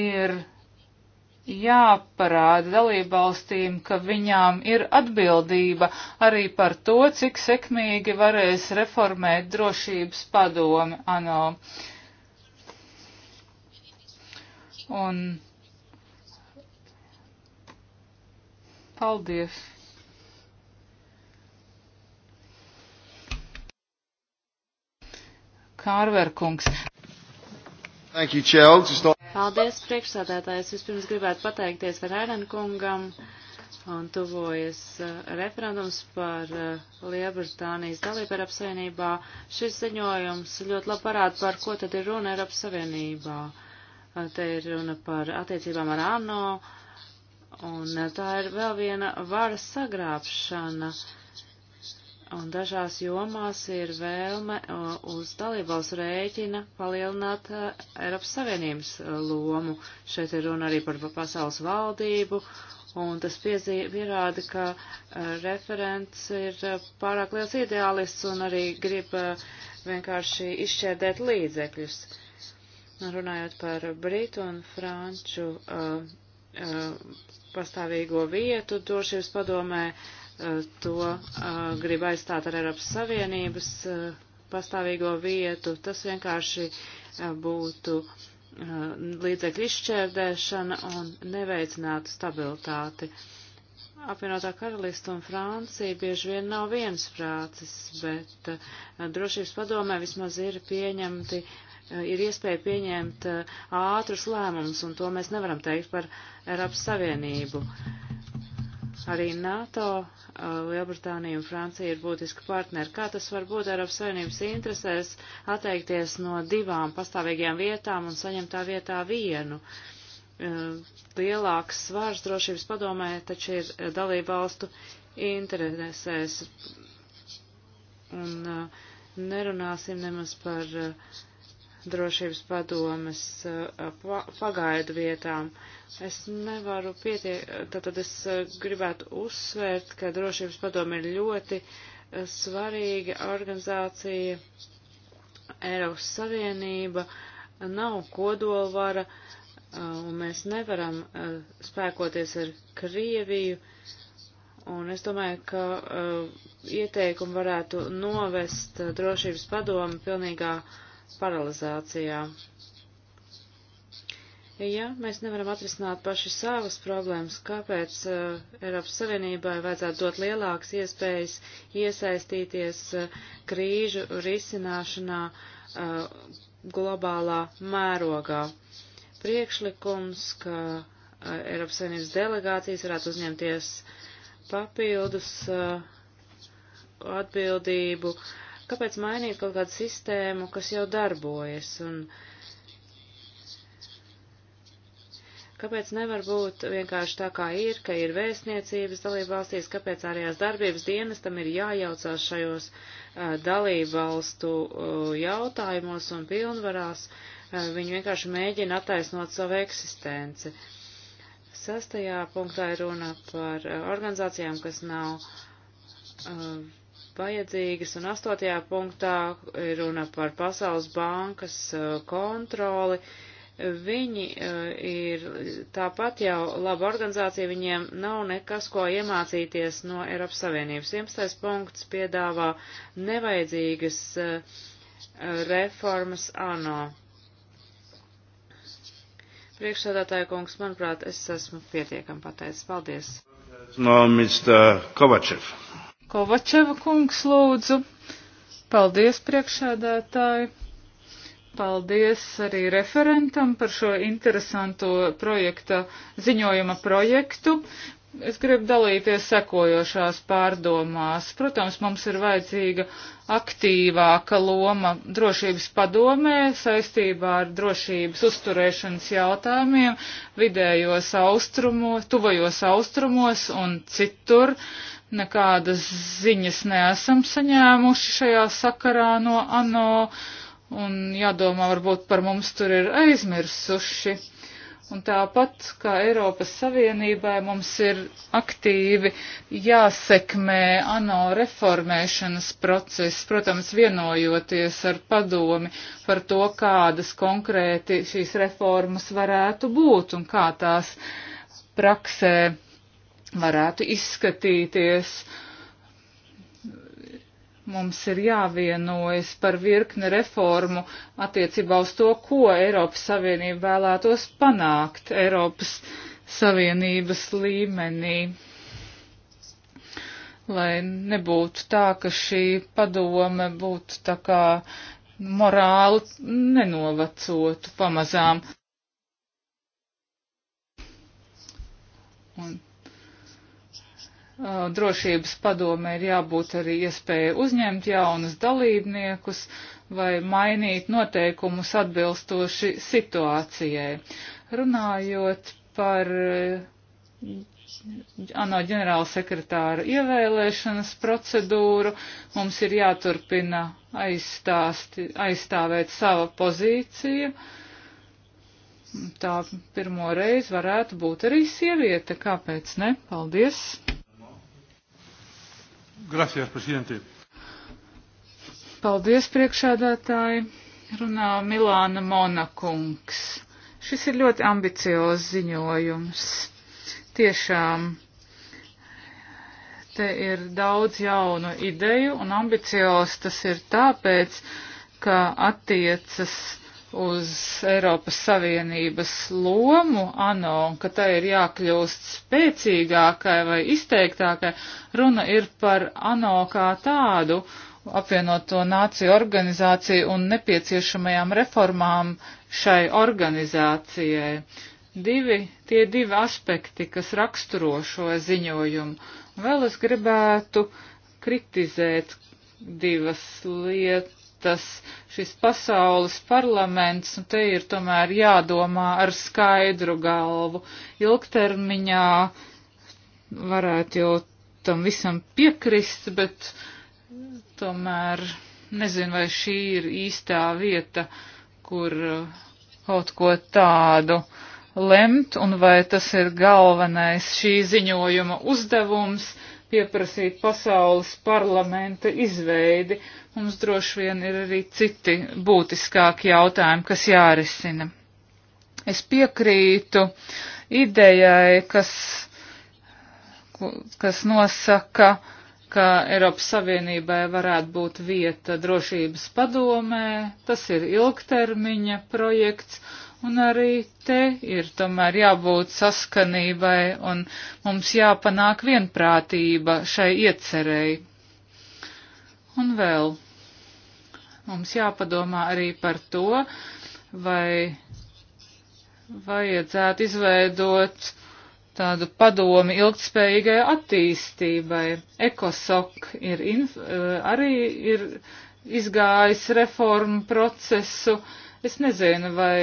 ir jāparāda dalībvalstīm, ka viņām ir atbildība arī par to, cik sekmīgi varēs reformēt drošības padomi ANO. Uh, Un paldies! Kārverkungs. Thank you, Čel. Paldies, priekšsādētājs. Vispirms gribētu pateikties Rēnan kungam un tuvojas uh, referendums par uh, Lielbritānijas dalību Eiropas Savienībā. Šis ziņojums ļoti labi parāda, par ko tad ir runa Eiropas Savienībā. Te ir runa par attiecībām ar ANO, un tā ir vēl viena varas sagrābšana. Un dažās jomās ir vēlme uz dalībvalstu rēķina palielināt e, Eiropas Savienības e, lomu. Šeit ir runa arī par pasaules valdību Un tas piezī, pierāda, ka uh, referents ir uh, pārāk liels ideālists un arī grib uh, vienkārši izšķērdēt līdzekļus. Uh, runājot par Britu un Franču uh, uh, pastāvīgo vietu drošības padomē, uh, to uh, grib aizstāt ar Eiropas Savienības uh, pastāvīgo vietu. Tas vienkārši uh, būtu līdzekļu izšķērdēšana un neveicinātu stabilitāti. Apvienotā karalista un Francija bieži vien nav viensprātis, bet drošības padomē vismaz ir pieņemti uh, Eh, ir iespēja pieņemt eh, ātrus lēmumus, un to mēs nevaram teikt par Eiropas Savienību. Arī NATO, eh, Lielbritānija un Francija ir būtiski partneri. Kā tas var būt Eiropas Savienības interesēs atteikties no divām pastāvīgajām vietām un saņemt tā vietā vienu? Lielāks svārs drošības padomē taču ir dalību valstu interesēs. Un nerunāsim nemaz par uh, drošības padomes eh, pagaidu vietām. Es nevaru pietiek, tātad es eh, gribētu uzsvērt, ka drošības padome ir ļoti eh, svarīga organizācija. Eiropas Savienība nav kodolvara, un mēs nevaram spēkoties ar Krieviju. Un es domāju, ka uh, ieteikumi varētu novest drošības padomu pilnīgā uh, paralizācijā. Ja mēs nevaram atrisināt paši savas problēmas, kāpēc uh, Eiropas Savienībai vajadzētu dot lielākas iespējas iesaistīties uh, krīžu risināšanā uh, globālā mērogā? Priekšlikums, ka uh, Eiropas Savienības delegācijas varētu uzņemties papildus uh, atbildību uh, Kāpēc mainīt kaut kādu sistēmu, kas jau darbojas? Un kāpēc nevar būt vienkārši tā kā ir, ka ir vēstniecības dalībvalstīs, kāpēc ārējās darbības dienestam ir jājaucās šajos uh, dalībvalstu uh, jautājumos un pilnvarās? Uh, viņi vienkārši mēģina attaisnot savu eksistenci. Sastajā punktā ir runa par organizācijām, kas nav uh, vajadzīgas, un astotajā punktā runa par Pasaules bankas uh, kontroli. Viņi uh, ir tāpat jau laba organizācija, viņiem nav nekas, ko iemācīties no Eiropas Savienības. 11. punkts piedāvā nevajadzīgas uh, reformas ANO. Priekšsēdētāja kungs, manuprāt, es esmu pietiekam pateicis. Paldies. No Mr. Kovačev. Kovačeva kungs lūdzu. Paldies priekšēdētāji. Paldies arī referentam par šo interesanto projekta ziņojuma projektu. Es gribu dalīties sekojošās pārdomās. Protams, mums ir vajadzīga aktīvāka loma drošības padomē saistībā ar drošības uzturēšanas jautājumiem vidējos austrumos, tuvajos austrumos un citur. Nekādas ziņas neesam saņēmuši šajā sakarā no ANO un jādomā varbūt par mums tur ir aizmirsuši. Un tāpat kā Eiropas Savienībai mums ir aktīvi jāsekmē ANO reformēšanas process, protams, vienojoties ar padomi par to, kādas konkrēti šīs reformas varētu būt un kā tās praksē varētu izskatīties. Uh, mums ir jāvienojas par virkni reformu attiecībā uz to, ko Eiropas Savienība vēlētos panākt Eiropas Savienības līmenī. Lai nebūtu tā, ka šī padome būtu tā kā morāli nenovacotu pamazām. Un Uh, drošības padomē ir jābūt arī iespēja uzņemt jaunus dalībniekus vai mainīt noteikumus atbilstoši situācijai. Runājot par uh, ANO ģenerāla sekretāra ievēlēšanas procedūru, mums ir jāturpina aizstāsti, aizstāvēt sava pozīcija. Tā pirmo reizi varētu būt arī sieviete, kāpēc ne? Paldies! Gracias, presidente. Paldies, priekšādātāji. Runā Milāna Monakungs. Šis ir ļoti ambiciozs ziņojums. Tiešām te ir daudz jaunu ideju un ambiciozs tas ir tāpēc, ka attiecas uz Eiropas Savienības lomu ANO un ka tai ir jākļūst spēcīgākai vai izteiktākai, runa ir par ANO kā tādu apvienoto nāciju organizāciju un nepieciešamajām reformām šai organizācijai. Divi, tie divi aspekti, kas raksturo šo ziņojumu. Vēl es gribētu kritizēt divas lietas tas šis pasaules parlaments, un te ir tomēr jādomā ar skaidru galvu. Ilgtermiņā varētu jau tam visam piekrist, bet tomēr nezinu, vai šī ir īstā vieta, kur uh, kaut ko tādu lemt, un vai tas ir galvenais šī ziņojuma uzdevums pieprasīt pasaules parlamenta izveidi. Mums droši vien ir arī citi būtiskāki jautājumi, kas jārisina. Es piekrītu idejai, kas, kas nosaka, ka Eiropas Savienībai varētu būt vieta drošības padomē. Tas ir ilgtermiņa projekts Un arī te ir tomēr jābūt saskanībai un mums jāpanāk vienprātība šai iecerēji. Un vēl mums jāpadomā arī par to, vai vajadzētu izveidot tādu padomi ilgtspējīgai attīstībai. Ekosok ir inf, eh, arī ir izgājis reformu procesu. Es nezinu, vai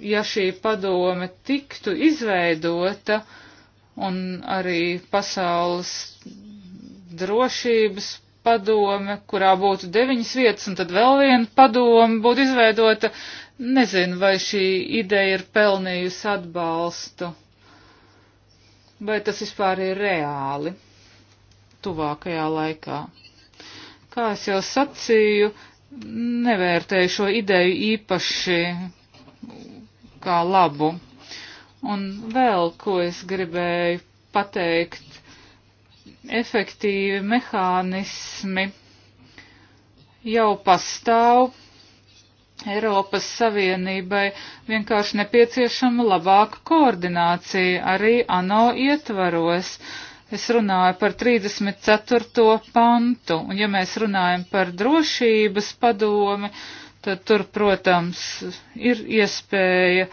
ja šī padome tiktu izveidota un arī pasaules drošības padome, kurā būtu deviņas vietas un tad vēl viena padome būtu izveidota, nezinu, vai šī ideja ir pelnījusi atbalstu. Vai tas vispār ir reāli tuvākajā laikā? Kā es jau sacīju, nevērtēju šo ideju īpaši kā labu. Un vēl, ko es gribēju pateikt, efektīvi mehānismi jau pastāv Eiropas Savienībai, vienkārši nepieciešama labāka koordinācija arī ANO ietvaros. Es runāju par 34. pantu, un ja mēs runājam par drošības padomi, tad tur, protams, ir iespēja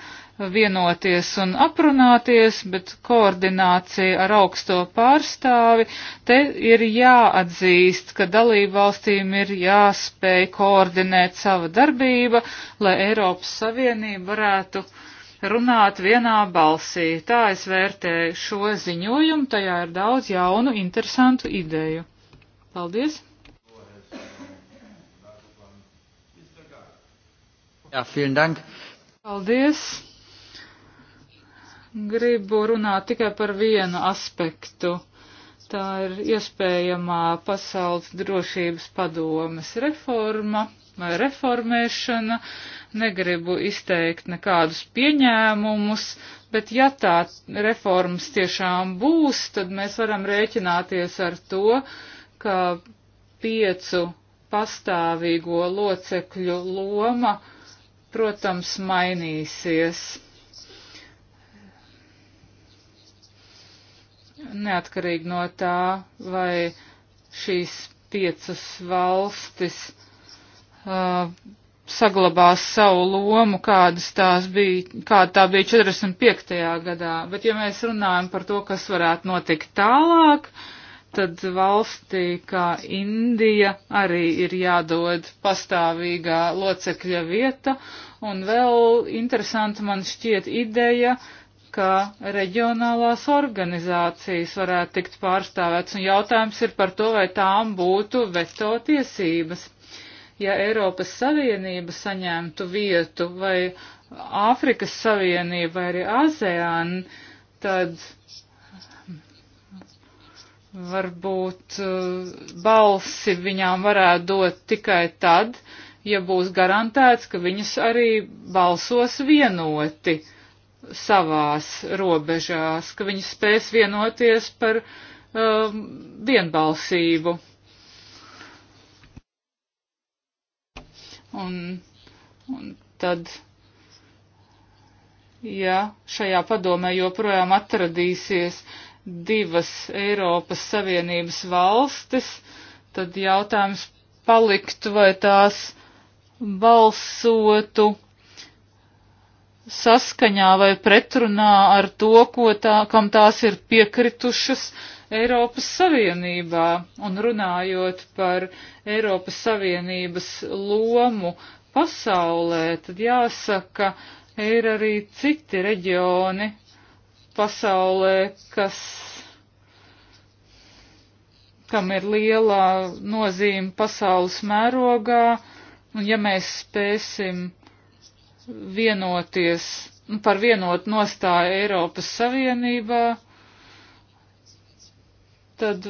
vienoties un aprunāties, bet koordinācija ar augsto pārstāvi, te ir jāatzīst, ka dalību valstīm ir jāspēj koordinēt sava darbība, lai Eiropas Savienība varētu runāt vienā balsī. Tā es vērtēju šo ziņojumu, tajā ir daudz jaunu, interesantu ideju. Paldies! Jā, vielen dank. Paldies. Gribu runāt tikai par vienu aspektu. Tā ir iespējamā pasaules drošības padomes reforma vai reformēšana. Negribu izteikt nekādus pieņēmumus, bet ja tā reformas tiešām būs, tad mēs varam rēķināties ar to, ka piecu pastāvīgo locekļu loma protams, mainīsies. Neatkarīgi no tā, vai šīs piecas valstis uh, saglabās savu lomu, kādas tās bija, kāda tā bija 45. gadā. Bet, ja mēs runājam par to, kas varētu notikt tālāk, uh, tad valstī kā Indija arī ir jādod pastāvīgā locekļa vieta, un vēl interesanti man šķiet ideja, ka reģionālās organizācijas varētu tikt pārstāvēts, un jautājums ir par to, vai tām būtu veto tiesības. Ja Eiropas Savienība saņemtu vietu vai Āfrikas Savienība vai arī ASEAN, tad Varbūt eh, balsi viņām varētu dot tikai tad, ja būs garantēts, ka viņas arī balsos vienoti savās robežās, ka viņas spēs vienoties par um, vienbalsību. Un, un tad, ja šajā padomē joprojām atradīsies uh, divas Eiropas Savienības valstis, tad jautājums paliktu, vai tās balsotu saskaņā vai pretrunā ar to, tā, kam tās ir piekritušas Eiropas Savienībā. Un runājot par Eiropas Savienības lomu pasaulē, tad jāsaka, ir arī citi reģioni, pasaulē, kas, kam ir liela nozīme pasaules mērogā, un ja mēs spēsim vienoties par vienotu nostāju Eiropas Savienībā, tad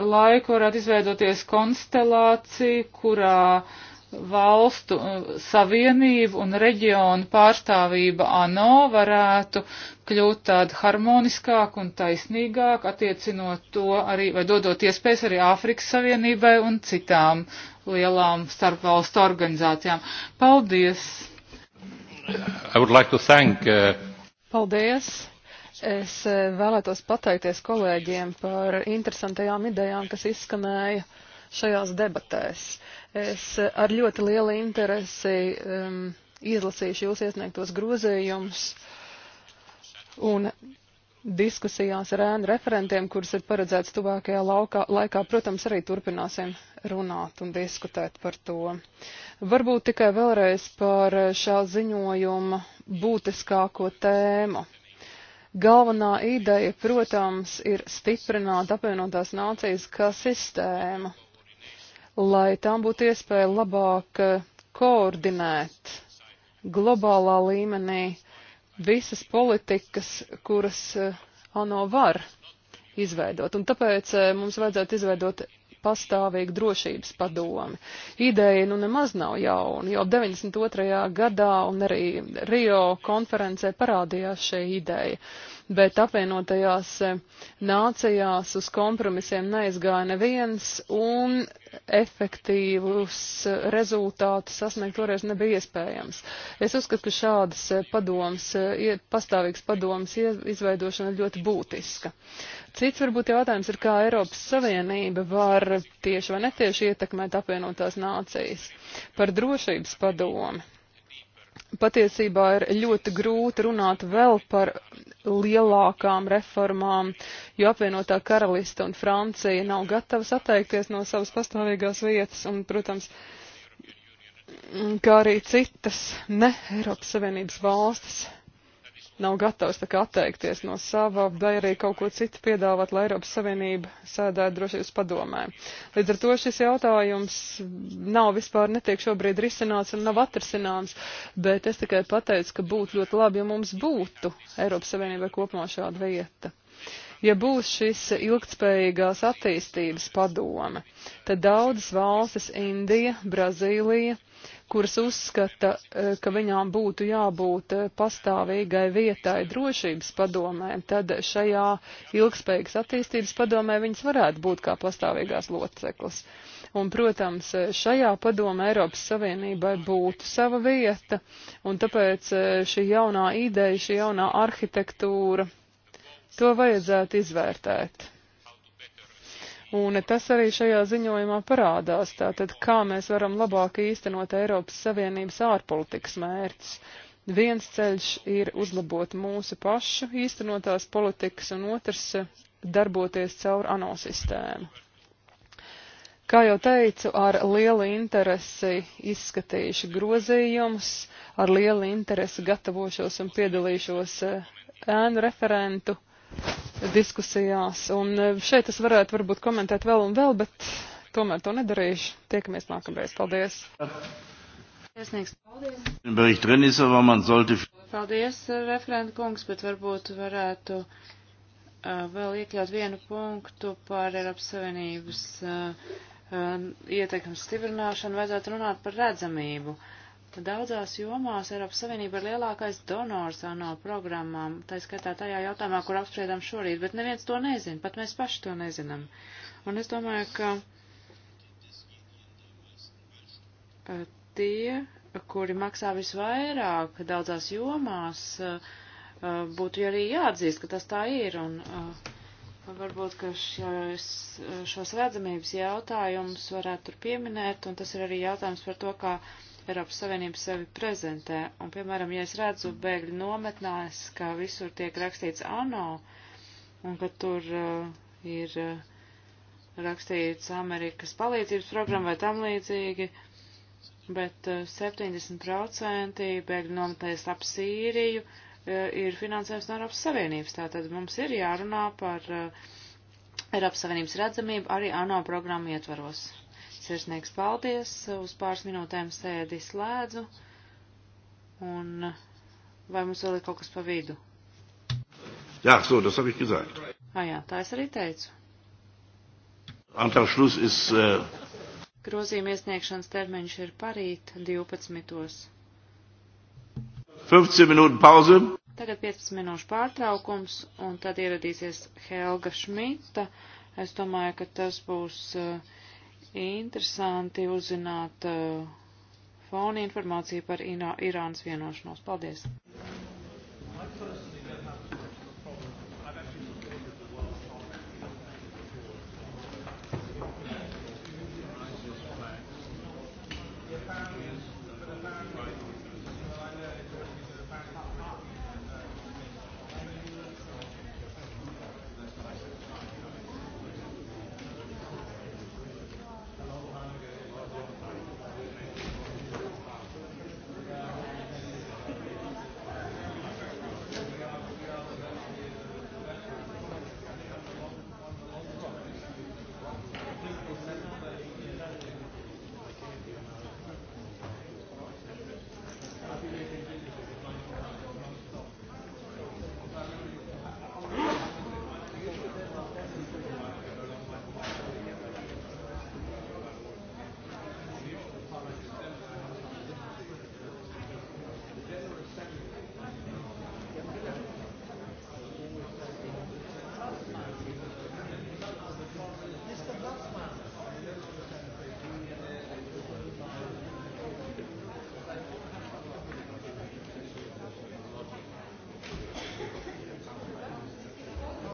ar laiku varētu izveidoties konstelācija, kurā uh, valstu uh, savienību un reģionu pārstāvība ANO varētu kļūt tāda harmoniskāk un taisnīgāk, attiecinot to arī, vai dodot iespējas arī Āfrikas Savienībai un citām lielām starpvalstu organizācijām. Paldies! Like thank, uh... Paldies! Es uh, vēlētos pateikties kolēģiem par interesantajām idejām, kas izskanēja šajās debatēs. Es ar ļoti lielu interesi um, izlasīšu jūs iesniegtos grozījumus un diskusijās ar ēnu referentiem, kuras ir paredzēts tuvākajā laukā, laikā, protams, arī turpināsim runāt un diskutēt par to. Varbūt tikai vēlreiz par šā ziņojuma būtiskāko tēmu. Galvenā ideja, protams, ir stiprināt apvienotās nācijas kā sistēmu, lai tām būtu iespēja labāk eh, koordinēt globālā līmenī visas politikas, kuras eh, ANO var izveidot. Un tāpēc eh, mums vajadzētu izveidot pastāvīgu drošības padomi. Ideja nu nemaz nav jauna. Jau 92. gadā un arī Rio konferencē parādījās šī ideja bet apvienotajās eh, nācijās uz kompromisiem neizgāja neviens, un efektīvus eh, rezultātus sasniegt toreiz nebija iespējams. Es uzskatu, ka šādas eh, padomas, pastāvīgas padomas izveidošana ir ļoti būtiska. Cits varbūt jautājums ir, kā Eiropas Savienība var tieši vai netieši ietekmēt apvienotās nācijas par drošības padomu patiesībā ir ļoti grūti runāt vēl par lielākām reformām, jo apvienotā karalista un Francija nav gatavas atteikties no savas pastāvīgās vietas un, protams, kā arī citas ne Eiropas Savienības valstis nav gatavs tā kā atteikties no sava, vai arī kaut ko citu piedāvāt, lai Eiropas Savienība sēdētu drošības padomē. Līdz ar to šis jautājums nav vispār netiek šobrīd risināts un nav atrasināms, bet es tikai pateicu, ka būtu ļoti labi, ja mums būtu Eiropas Savienībai kopumā šāda vieta ja būs šis ilgtspējīgās attīstības padome, tad daudzas valstis - Indija, Brazīlija, kuras uzskata, e, ka viņām būtu jābūt e, pastāvīgai vietai drošības padomē, tad šajā ilgspējīgas attīstības padomē viņas varētu būt kā pastāvīgās loceklis. Un, protams, e, šajā padomē Eiropas Savienībai būtu sava vieta, un tāpēc šī jaunā ideja, šī jaunā arhitektūra, to vajadzētu izvērtēt. Un tas arī šajā ziņojumā parādās, tātad kā mēs varam labāk īstenot Eiropas Savienības ārpolitikas mērķus. Viens ceļš ir uzlabot mūsu pašu īstenotās politikas, un otrs eh, darboties caur ANO sistēmu. Kā jau teicu, ar lielu interesi izskatīšu grozījumus, ar lielu interesi gatavošos un piedalīšos eh, ēnu referentu diskusijās. Un eh, šeit es varētu varbūt komentēt vēl un vēl, bet tomēr to nedarīšu. Tiekamies nākamreiz. Paldies! Iesniegs, paldies! Paldies, eh, referenta kungs, bet varbūt varētu uh, vēl iekļaut vienu punktu par Eiropas Savienības uh, uh, ietekmes stiprināšanu. Vajadzētu runāt par redzamību. Uh, Daudzās jomās Eiropas Savienība ir lielākais donors ANO programmām, tā skatā tajā jautājumā, kur apspriedam šorīt, bet neviens to nezin, pat mēs paši to nezinām. Un es domāju, ka e, tie, kuri maksā visvairāk daudzās jomās, e, e, būtu arī jāatzīst, ka tas tā ir. Un, Varbūt, ka šos, šos redzamības jautājumus varētu tur pieminēt, un tas ir arī jautājums par to, kā Eiropas Savienība sevi prezentē. Un, piemēram, ja es redzu bēgļu nometnēs, ka visur tiek rakstīts ANO, un ka tur uh, ir uh, rakstīts Amerikas palīdzības programma vai tam līdzīgi, bet uh, 70% bēgļu nometnēs ap Sīriju uh, ir finansējums no Eiropas Savienības. Tātad mums ir jārunā par uh, Eiropas Savienības redzamību arī ANO programmu ietvaros. Sirsnieks paldies. Uz pāris minūtēm sēdi slēdzu. Un vai mums vēl ir kaut kas pa vidu? Jā, so, das habe ich gesagt. Ah, jā, tā es arī teicu. Antrā šlus is. Uh... Grozījuma iesniegšanas termiņš ir parīt 12. 15 minūtu pauze. Tagad 15 minūšu pārtraukums, un tad ieradīsies Helga Šmita. Es domāju, ka tas būs. Uh, interesanti uzzināt uh, fona informāciju par Irānas vienošanos. Paldies!